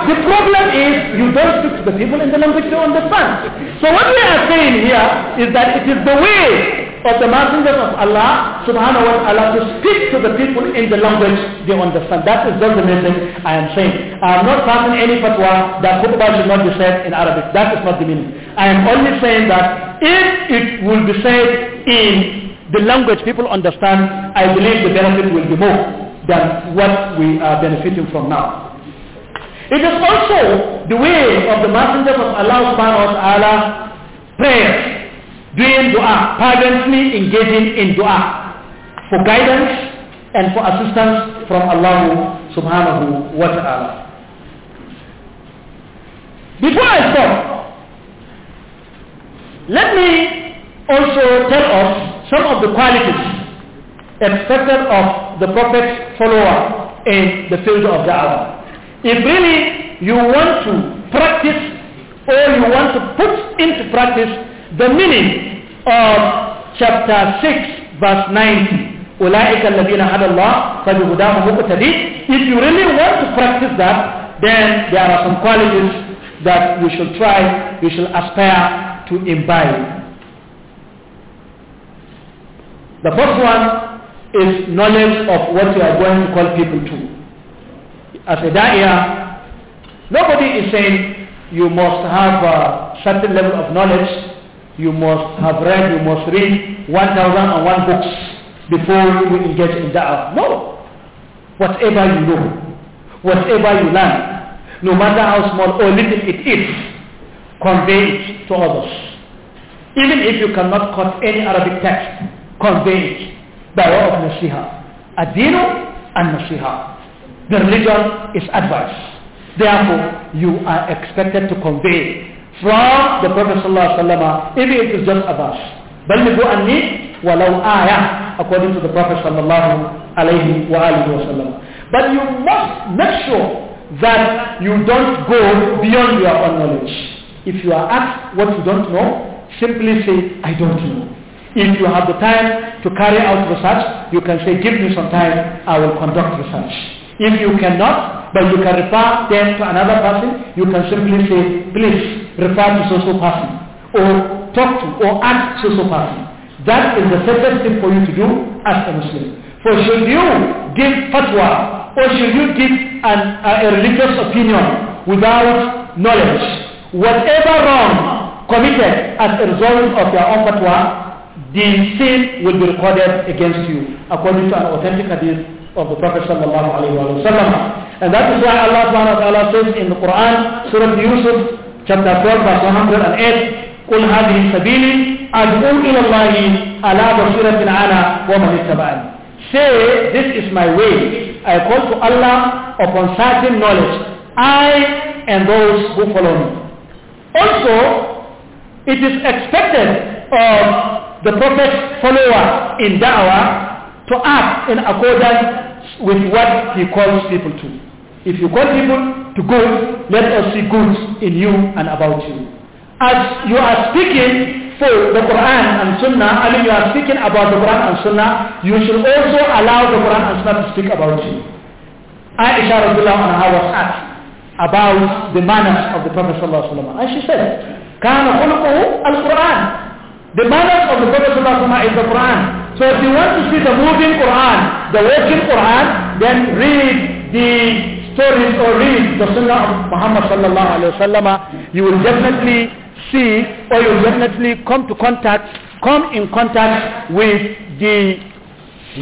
the problem is you don't speak to the people in the language they understand. So what we are saying here is that it is the way of the messengers of Allah subhanahu wa ta'ala to speak to the people in the language they understand. That is just the message I am saying. I am not passing any fatwa that khutbah should not be said in Arabic. That is not the meaning. I am only saying that if it will be said in the language people understand, I believe the benefit will be more than what we are benefiting from now. It is also the way of the messengers of Allah subhanahu wa ta'ala prayer, doing dua, fervently engaging in dua for guidance and for assistance from Allah subhanahu wa ta'ala. Before I stop, let me also tell us some of the qualities expected of the prophet's follower in the field of du'a. If really you want to practice or you want to put into practice the meaning of chapter 6 verse 90, أولئك الذين هدى الله فبهداه مقتدي If you really want to practice that, then there are some qualities that you should try, you should aspire to imbibe. The first one is knowledge of what you are going to call people to as a da'iyah, nobody is saying you must have a certain level of knowledge, you must have read, you must read 1001 books before you engage in da'wah. No. Whatever you know, whatever you learn, no matter how small or little it is, convey it to others. Even if you cannot quote any Arabic text, convey it by way of nasiha. Adino and nasiha. The religion is advice. Therefore, you are expected to convey from the Prophet ﷺ, if it is just a verse. بَلِّغُوا أَنِّي وَلَوْ آيَةً according to the Prophet sallallahu alaihi wasallam. But you must make sure that you don't go beyond your own knowledge. If you are asked what you don't know, simply say, I don't know. If you have the time to carry out research, you can say, give me some time, I will conduct research. If you cannot, but you can refer them to another person, you can simply say, please refer to social person, or talk to, or ask social person. That is the safest thing for you to do as a Muslim. For should you give fatwa, or should you give an, a, a religious opinion without knowledge, whatever wrong committed as a result of your own fatwa, the sin will be recorded against you, according to an authentic hadith of the Prophet sallallahu alaihi wasallam. And that is why Allah subhanahu wa ta'ala says in the Quran, Surah Yusuf, chapter 12, verse 108, قل هذه سبيلي أدعو إلى الله على بصيرة أنا ومن اتبعني. Say, this is my way. I call to Allah upon certain knowledge, I and those who follow me. Also, it is expected of the Prophet's follower in da'wah to act in accordance with what he calls people to. If you call people to good, let us see good in you and about you. As you are speaking for the Quran and Sunnah, I mean you are speaking about the Quran and Sunnah, you should also allow the Quran and Sunnah to speak about you. Aisha Rasulullah was asked about the manners of the Prophet Sallallahu And she said, كان خلقه القرآن. The manners of the Prophet Sallallahu is the Quran. So if you want to see the moving Quran, the working Quran, then read the stories or read the Sunnah of Muhammad sallallahu alaihi wasallam. You will definitely see or you will definitely come to contact, come in contact with the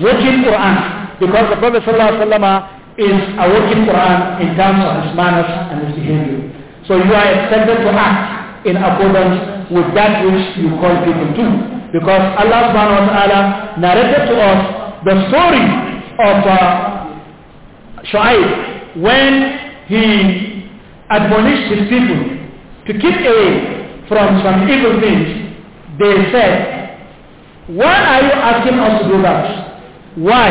working Quran because the Prophet sallallahu alaihi wasallam is a working Quran in terms of his manners and his behavior. So you are expected to act in accordance with that which you call people to. Because Allah subhanahu wa ta'ala narrated to us the story of uh, Shu'aib when he admonished his people to keep away from some evil things. They said, why are you asking us to do that? Why?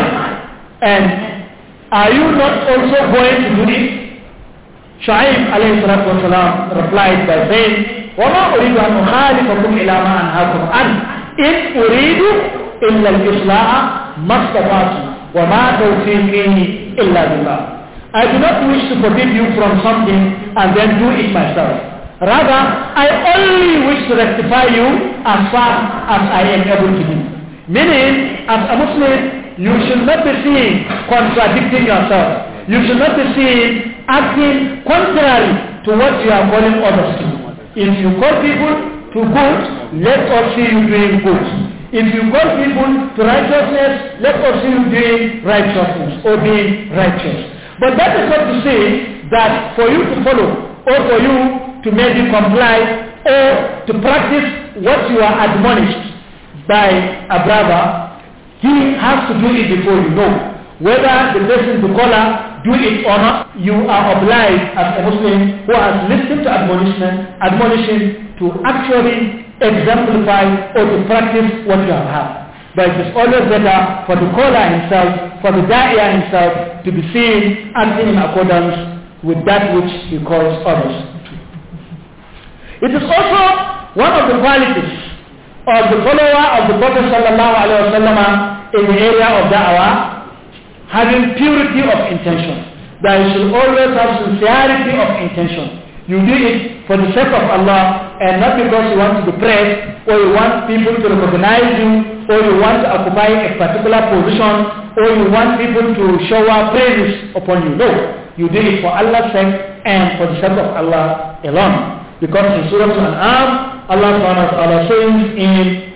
And are you not also going to do this? Shu'aib alayhi salatu replied by saying, وَمَا أُرِيدُ أَنْ أُخَالِفَكُمْ إِلَى مَا أَنْهَاكُمْ عَنْهُ إن أريد إلا الإصلاح ما استطعت وما توفيقي إلا بالله I do not wish to forbid you from something and then do it myself. Rather, I only wish to rectify you as far as I am able to do. Meaning, as a Muslim, you should not be seen contradicting yourself. You should not be seen acting contrary to what you are calling others to. If you call people to good, let us see you doing good. If you call people to righteousness, let us see you doing righteousness or being righteous. But that is not to say that for you to follow or for you to maybe comply or to practice what you are admonished by a brother, he has to do it before you know. Whether the person, the caller, do it or not, you are obliged as a Muslim who has listened to admonishment, admonishing to actually exemplify or to practice what you have had. But it is always better for the caller himself, for the da'iyah himself, to be seen acting in accordance with that which he calls others. It is also one of the qualities of the follower of the Prophet sallallahu alaihi wasallam in the area of da'wah, having purity of intention. That he should always have sincerity of intention. You do it for the sake of Allah and not because you want to be praised or you want people to recognize you or you want to occupy a particular position or you want people to shower praise upon you. No. You do it for Allah's sake and for the sake of Allah alone. Because in Surah Al-An'am, Allah subhanahu wa ta'ala says in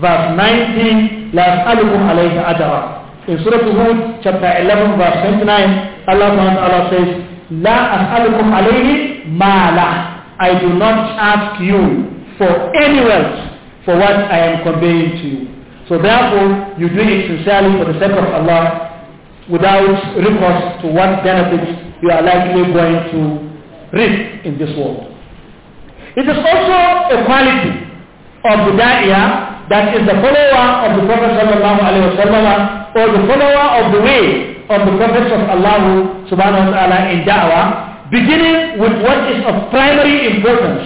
verse 19, لَا أَسْأَلُكُمْ عَلَيْهِ أَجَرًا In Surah al Hud, chapter 11, verse 29, Allah subhanahu wa ta'ala says, La as'alukum alayhi ma'ala. I do not ask you for any wealth for what I am conveying to you. So therefore, you do it sincerely for the sake of Allah without recourse to what benefits you are likely going to reap in this world. It is also a quality of the da'iyah that is the follower of the Prophet or the follower of the way on the prophets of Allah subhanahu wa ta'ala in da'wah, beginning with what is of primary importance,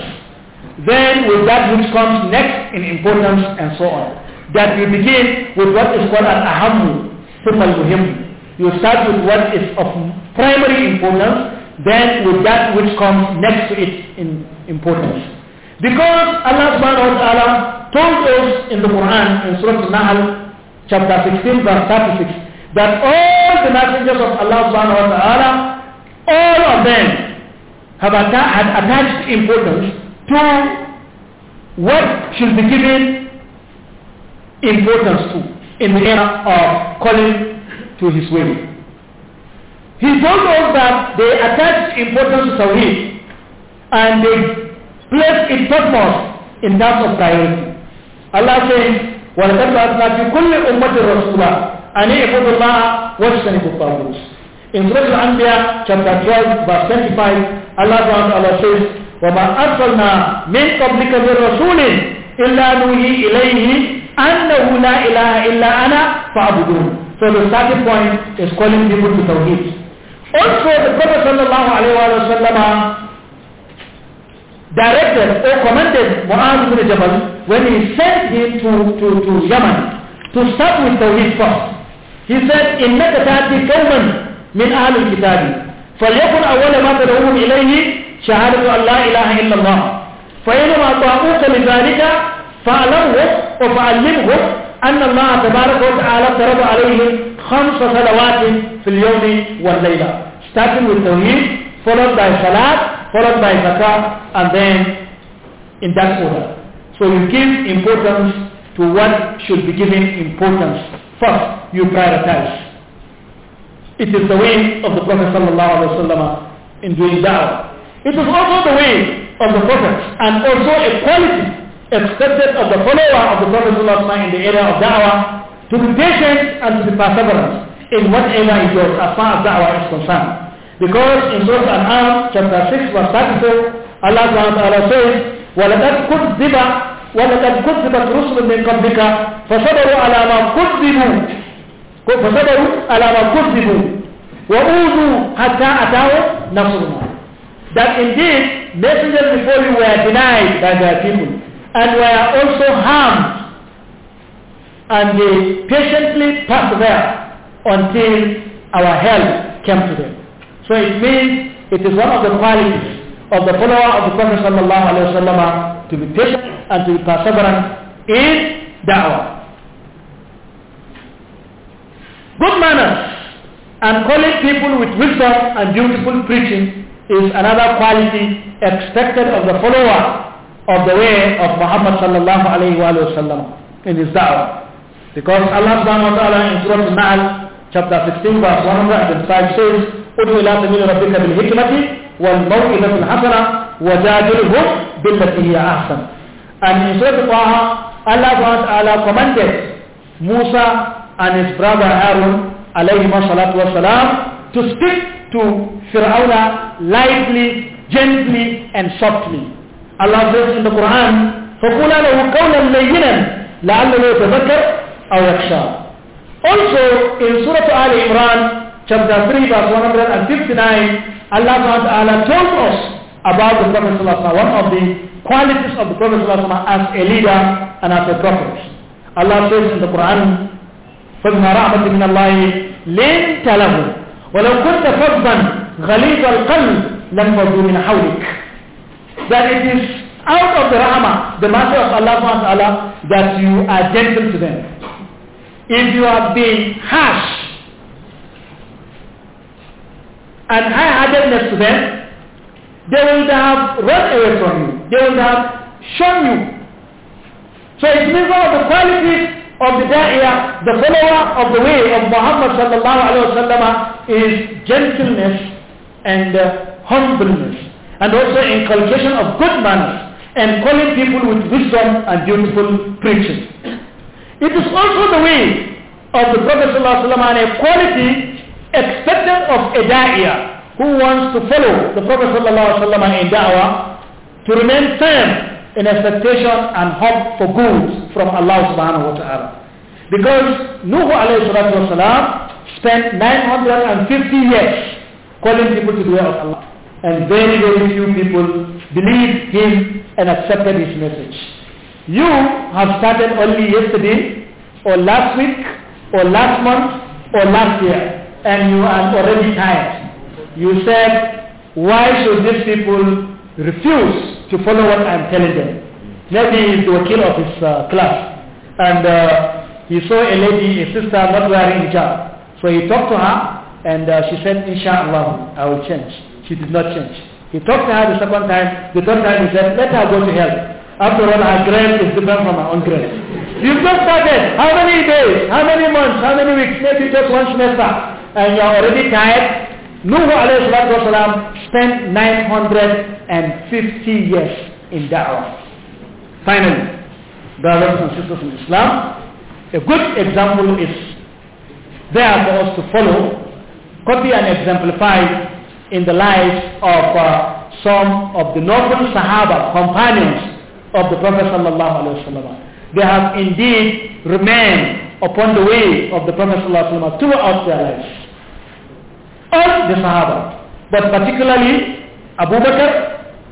then with that which comes next in importance and so on. That you begin with what is called an ahamu, thumma muhim You start with what is of primary importance, then with that which comes next to it in importance. Because Allah subhanahu wa ta'ala told us in the Quran, in Surah Al-Nahl, chapter 16, verse 36, that all all the messengers of Allah subhanahu wa ta'ala, all of them have atta had attached importance to what should be given importance to in the era of calling to his way. He told us that they attached importance to Tawheed and they placed it topmost in that of priority. Allah says, وَلَقَدْ أَتْنَا فِي كُلِّ أُمَّةٍ رَسُولًا أن اعبدوا الله واجتنبوا الطاغوت إن رجل الأنبياء chapter 12 verse 25 الله تعالى الله says وَمَا أَرْسَلْنَا مِنْ قَبْلِكَ مِنْ رَسُولٍ إِلَّا نُوحِي إِلَيْهِ أَنَّهُ لَا إِلَهَ إِلَّا أَنَا فَاعْبُدُونِ So the starting point is calling people to Tawheed. Also the Prophet صلى الله عليه وسلم directed or commanded Mu'adh ibn Jabal when he sent him to, to, to Yemen to start with Tawheed first. He said, إِنَّكَ تأتي قَوْمًا مِنْ أَهْلِ الْكِتَابِ فليكن أول ما تدعوهم إليه شهادة أن لا إله إلا الله فإنما أطاعوك لذلك فأعلمهم وفعلمهم أن الله تبارك وتعالى افترض عليهم خمس صلوات في اليوم والليلة starting with Tawheed followed by Salat followed by Zakah and then in that order so you give importance to what should be given importance First, you prioritize. It is the way of the Prophet ﷺ in doing da'wah. It is also the way of the Prophet and also a quality expected of the follower of the Prophet ﷺ in the area of da'wah to be patient and to be perseverant in whatever he does as far as da'wah is concerned. Because in Surah Al-An'am chapter 6 verse 34 Allah subhanahu wa ta'ala says وَلَقَدْ كُذِّبَ ولقد كذبت رسل من قبلك فصبروا على ما كذبوا فصبروا على ما كذبوا وأوذوا حتى أتاهم نصرنا that indeed messengers before you were denied by their people and were also harmed and they patiently persevered until our help came to them. So it means it is one of the qualities of the follower of the Prophet sallallahu alaihi wasallam to be patient أن تلقى صبرا is da'wah. Good manners and calling people with wisdom and beautiful preaching is another quality expected of the follower of the way of Muhammad sallallahu alayhi wa sallam in his da'wah. Because Allah subhanahu wa ta'ala in Surah Al-Na'al chapter 16 verse 105 says, ادعو الى سبيل ربك بالحكمه والموئده الحسنه وجادلهم بالتي هي احسن and he said to Taha, Allah Allah commanded Musa and his brother Aaron alayhi salatu wasalam to speak to Fir'auna lightly, gently and softly. Allah says in the Quran, فَقُولَا لَهُ قَوْلًا لَيِّنًا la يَتَذَكَّرْ أَوْ يَخْشَى also in Surah Al Imran, chapter 3, verse 159, Allah Ta'ala told us about the Prophet one of the qualities of the Prophet as a leader and as a prophet. Allah says in the Quran, فَبْمَا رَعْمَةٍ مِنَ اللَّهِ لِنْتَ لَهُ وَلَوْ كُنْتَ فَضًّا غَلِيظَ الْقَلْبِ لَمْ فَضُّوا مِنْ حَوْلِكَ That it is out of the rahmah, the mercy of Allah SWT, that you are gentle to them. If you are being harsh and high-heartedness to them, they would have run away from you. They would have shown you. So it means one of the qualities of the da'iyah, the follower of the way of Muhammad sallallahu alayhi wa sallam is gentleness and uh, humbleness and also inculcation of good manners and calling people with wisdom and beautiful preaching. It is also the way of the Prophet ﷺ and a quality expected of a da'iyah who wants to follow the Prophet ﷺ in da'wah to remain firm in expectation and hope for good from Allah subhanahu wa ta'ala. Because Nuhu alayhi salatu wasalam spent 950 years calling people to the way of Allah. And very, very few people believed him and accepted his message. You have started only yesterday or last week or last month or last year and you are already tired. You said, why should these people refuse to follow what I'm telling them? Maybe he's the wakil of his uh, class. And uh, he saw a lady, a sister, not wearing hijab. So he talked to her, and uh, she said, Inshallah, I will change. She did not change. He talked to her the second time. The third time he said, let her go to hell. After all, our grace is different from our own grace. You've just started. How many days? How many months? How many weeks? Maybe just one semester. And you're already tired Nuh alayhi wasalam spent 950 years in da'wah. Finally, brothers and sisters in Islam, a good example is there for us to follow, copy and exemplify in the lives of uh, some of the noble Sahaba, companions of the Prophet sallallahu They have indeed remained upon the way of the Prophet sallallahu throughout their lives all the Sahaba. But particularly Abu Bakr,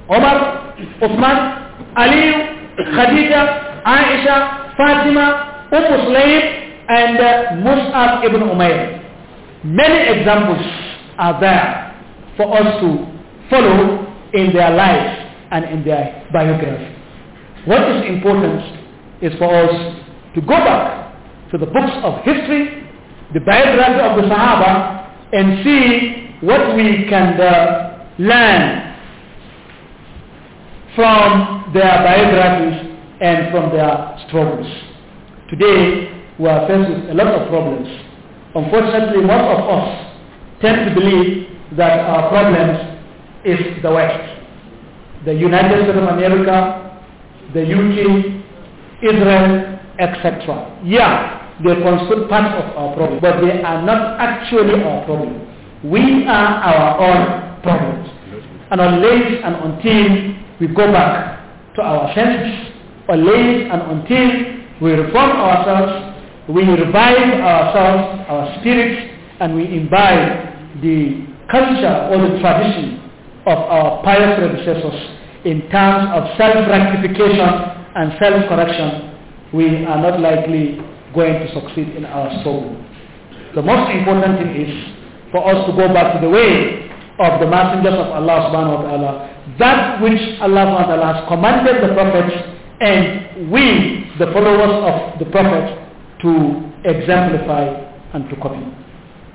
Omar, Uthman, Ali, Khadija, Aisha, Fatima, Umm Sulaim, and uh, Mus'ab ibn Umayr. Many examples are there for us to follow in their lives and in their biography. What is important is for us to go back to the books of history, the biography of the Sahaba, and see what we can uh, learn from their biographies and from their struggles. Today, we are faced with a lot of problems. Unfortunately, most of us tend to believe that our problems is the West. The United States of America, the UK, Israel, etc. Yeah, they consume part of our problem, but they are not actually our problem. We are our own problems. And unless and until we go back to our senses, unless and until we reform ourselves, we revive ourselves, our spirits, and we imbibe the culture or the tradition of our pious predecessors in terms of self-rectification and self-correction, we are not likely going to succeed in our soul. The most important thing is for us to go back to the way of the messengers of Allah subhanahu wa ta'ala. That which Allah subhanahu wa ta'ala has commanded the prophets and we, the followers of the prophet, to exemplify and to copy.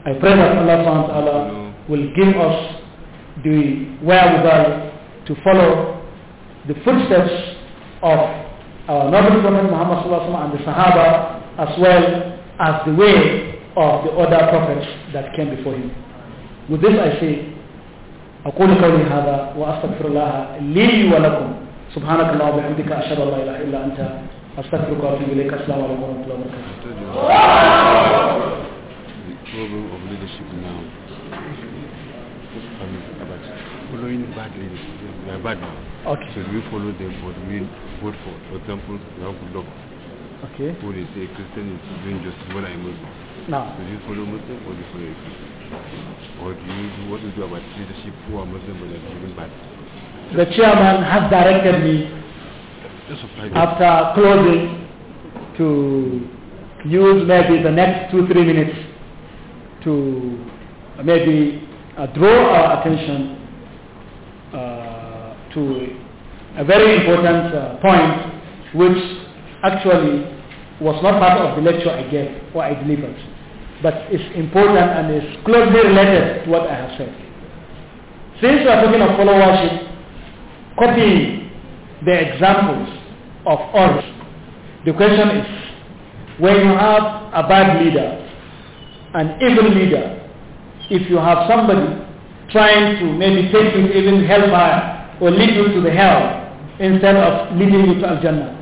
I pray that Allah subhanahu wa ta'ala will give us the wherewithal to follow the footsteps of our noble Prophet Muhammad sallallahu alaihi wasallam and the Sahaba as well as the way of the other prophets that came before him. With this I say, أقول قولي هذا وأستغفر الله لي ولكم سبحانك اللهم وبحمدك أشهد أن لا إله إلا أنت أستغفرك وأتوب إليك السلام عليكم ورحمة الله وبركاته. The problem of leadership now is following bad leaders. They are bad now. Okay. So we follow them, but we vote for, for example, have Love. Okay. Who is a Christian is doing just what I Muslim. No. Do you follow Muslim or do you follow a Christian? Or do you do what you do about leadership who are Muslim but are giving back? The chairman has directed me after closing to use maybe the next two, three minutes to maybe uh, draw our attention uh, to a very important uh, point which actually was not part of the lecture I gave or I delivered, but it's important and is closely related to what I have said. Since we are talking of followership, copying the examples of others, the question is, when you have a bad leader, an evil leader, if you have somebody trying to maybe take you even hellfire or lead you to the hell instead of leading you to Al-Jannah,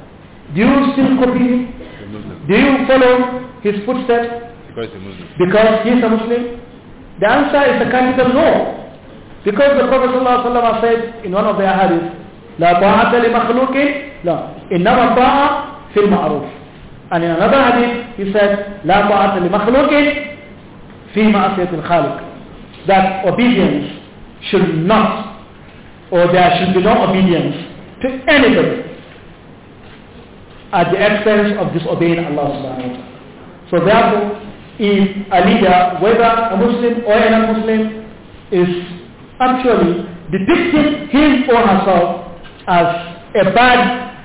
do you still copy him? Do you follow his footsteps? Because he's a Muslim. Because he's a Muslim? The answer is a capital no. Because the Prophet ﷺ said in one of the hadiths, لا طاعة لمخلوق لا إنما الطاعة في المعروف and in another hadith he said لا طاعة لمخلوق في معصية الخالق that obedience should not or there should be no obedience to anybody at the expense of disobeying Allah subhanahu wa ta'ala. So therefore, if a leader, whether a Muslim or a non-Muslim, is actually depicting him or herself as a bad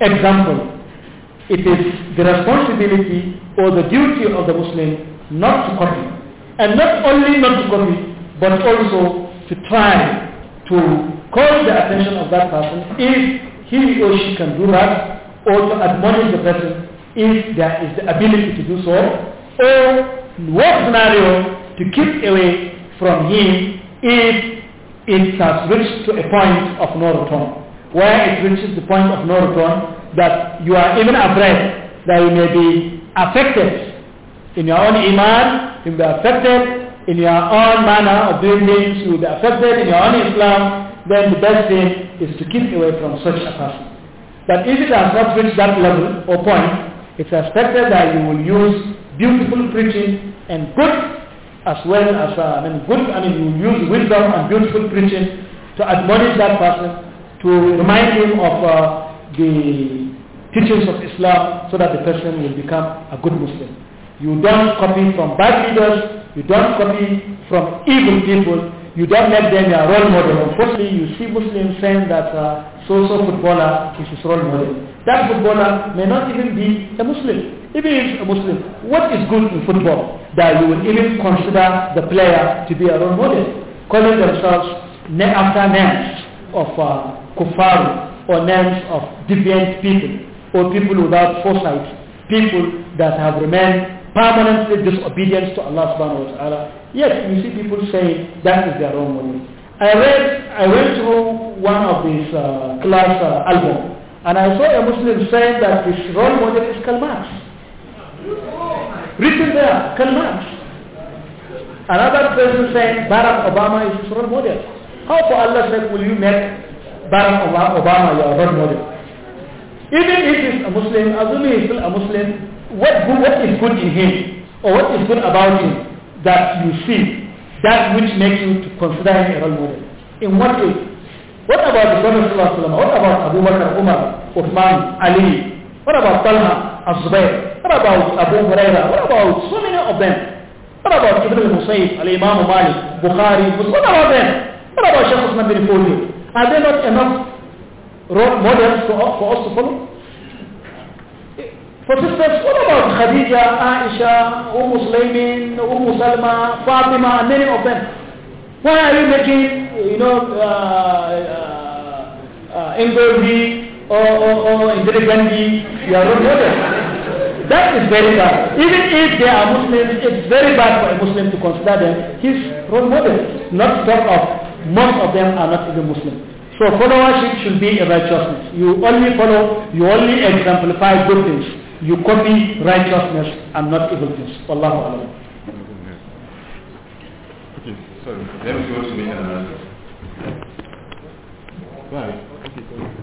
example, it is the responsibility or the duty of the Muslim not to copy. And not only not to copy, but also to try to call the attention of that person if he or she can do that or to admonish the person if there is the ability to do so, or worst scenario, to keep away from him if it has reached to a point of no return, where it reaches the point of no return that you are even afraid that you may be affected in your own iman, you may be affected in your own manner of doing things, you will be affected in your own Islam, then the best thing is to keep away from such a person that if it has not reached that level or point, it's expected that you will use beautiful preaching and good as well as uh, I mean good I mean you use wisdom and beautiful preaching to admonish that person to remind him of uh, the teachings of Islam so that the person will become a good Muslim. You don't copy from bad leaders, you don't copy from evil people, you don't make them your role model. Unfortunately, you see Muslims saying that uh, so-so footballer is his role model. That footballer may not even be a Muslim. If he is a Muslim, what is good in football that you would even consider the player to be a role model? Calling themselves after names of uh, kuffar or names of deviant people or people without foresight, people that have remained permanently disobedient to Allah subhanahu wa ta'ala Yes, you see people say that is their own money. I read, I went through one of these uh, class uh, album, and I saw a Muslim saying that his role model is Karl Marx. Written there, Karl Marx. Another person saying Barack Obama is his role model. How for Allah said, will you make Barack Obama your role model? Even if he's a Muslim, assuming he's still a Muslim, what, good, what is good in him? Or what is good about him? that you see, that which makes you to consider him a role model. In what way? What about the Prophet What about Abu Bakr, Umar, Uthman, Ali? What about Talha, Az-Zubayr? What about Abu Huraira? What about so many of them? What about Ibn al-Musayyib, Al-Imam Malik, Bukhari? What about them? What about Sheikh Usman bin Fawzi? Are they not enough role models for us to follow? But sisters, what about Khadija, Aisha, Umm Sulaymin, Umm Salma, Fatima, and many of them? Why are you making, you know, uh, uh, uh or, or, or intelligently? You are not model. That is very bad. Even if they are Muslims, it's very bad for a Muslim to consider them his role model. Not talk of most of them are not even Muslims. So followership should be a righteousness. You only follow, you only exemplify good things you copy righteousness and not evil things. Wallahu alam. Okay, so then we go to the... Uh, right.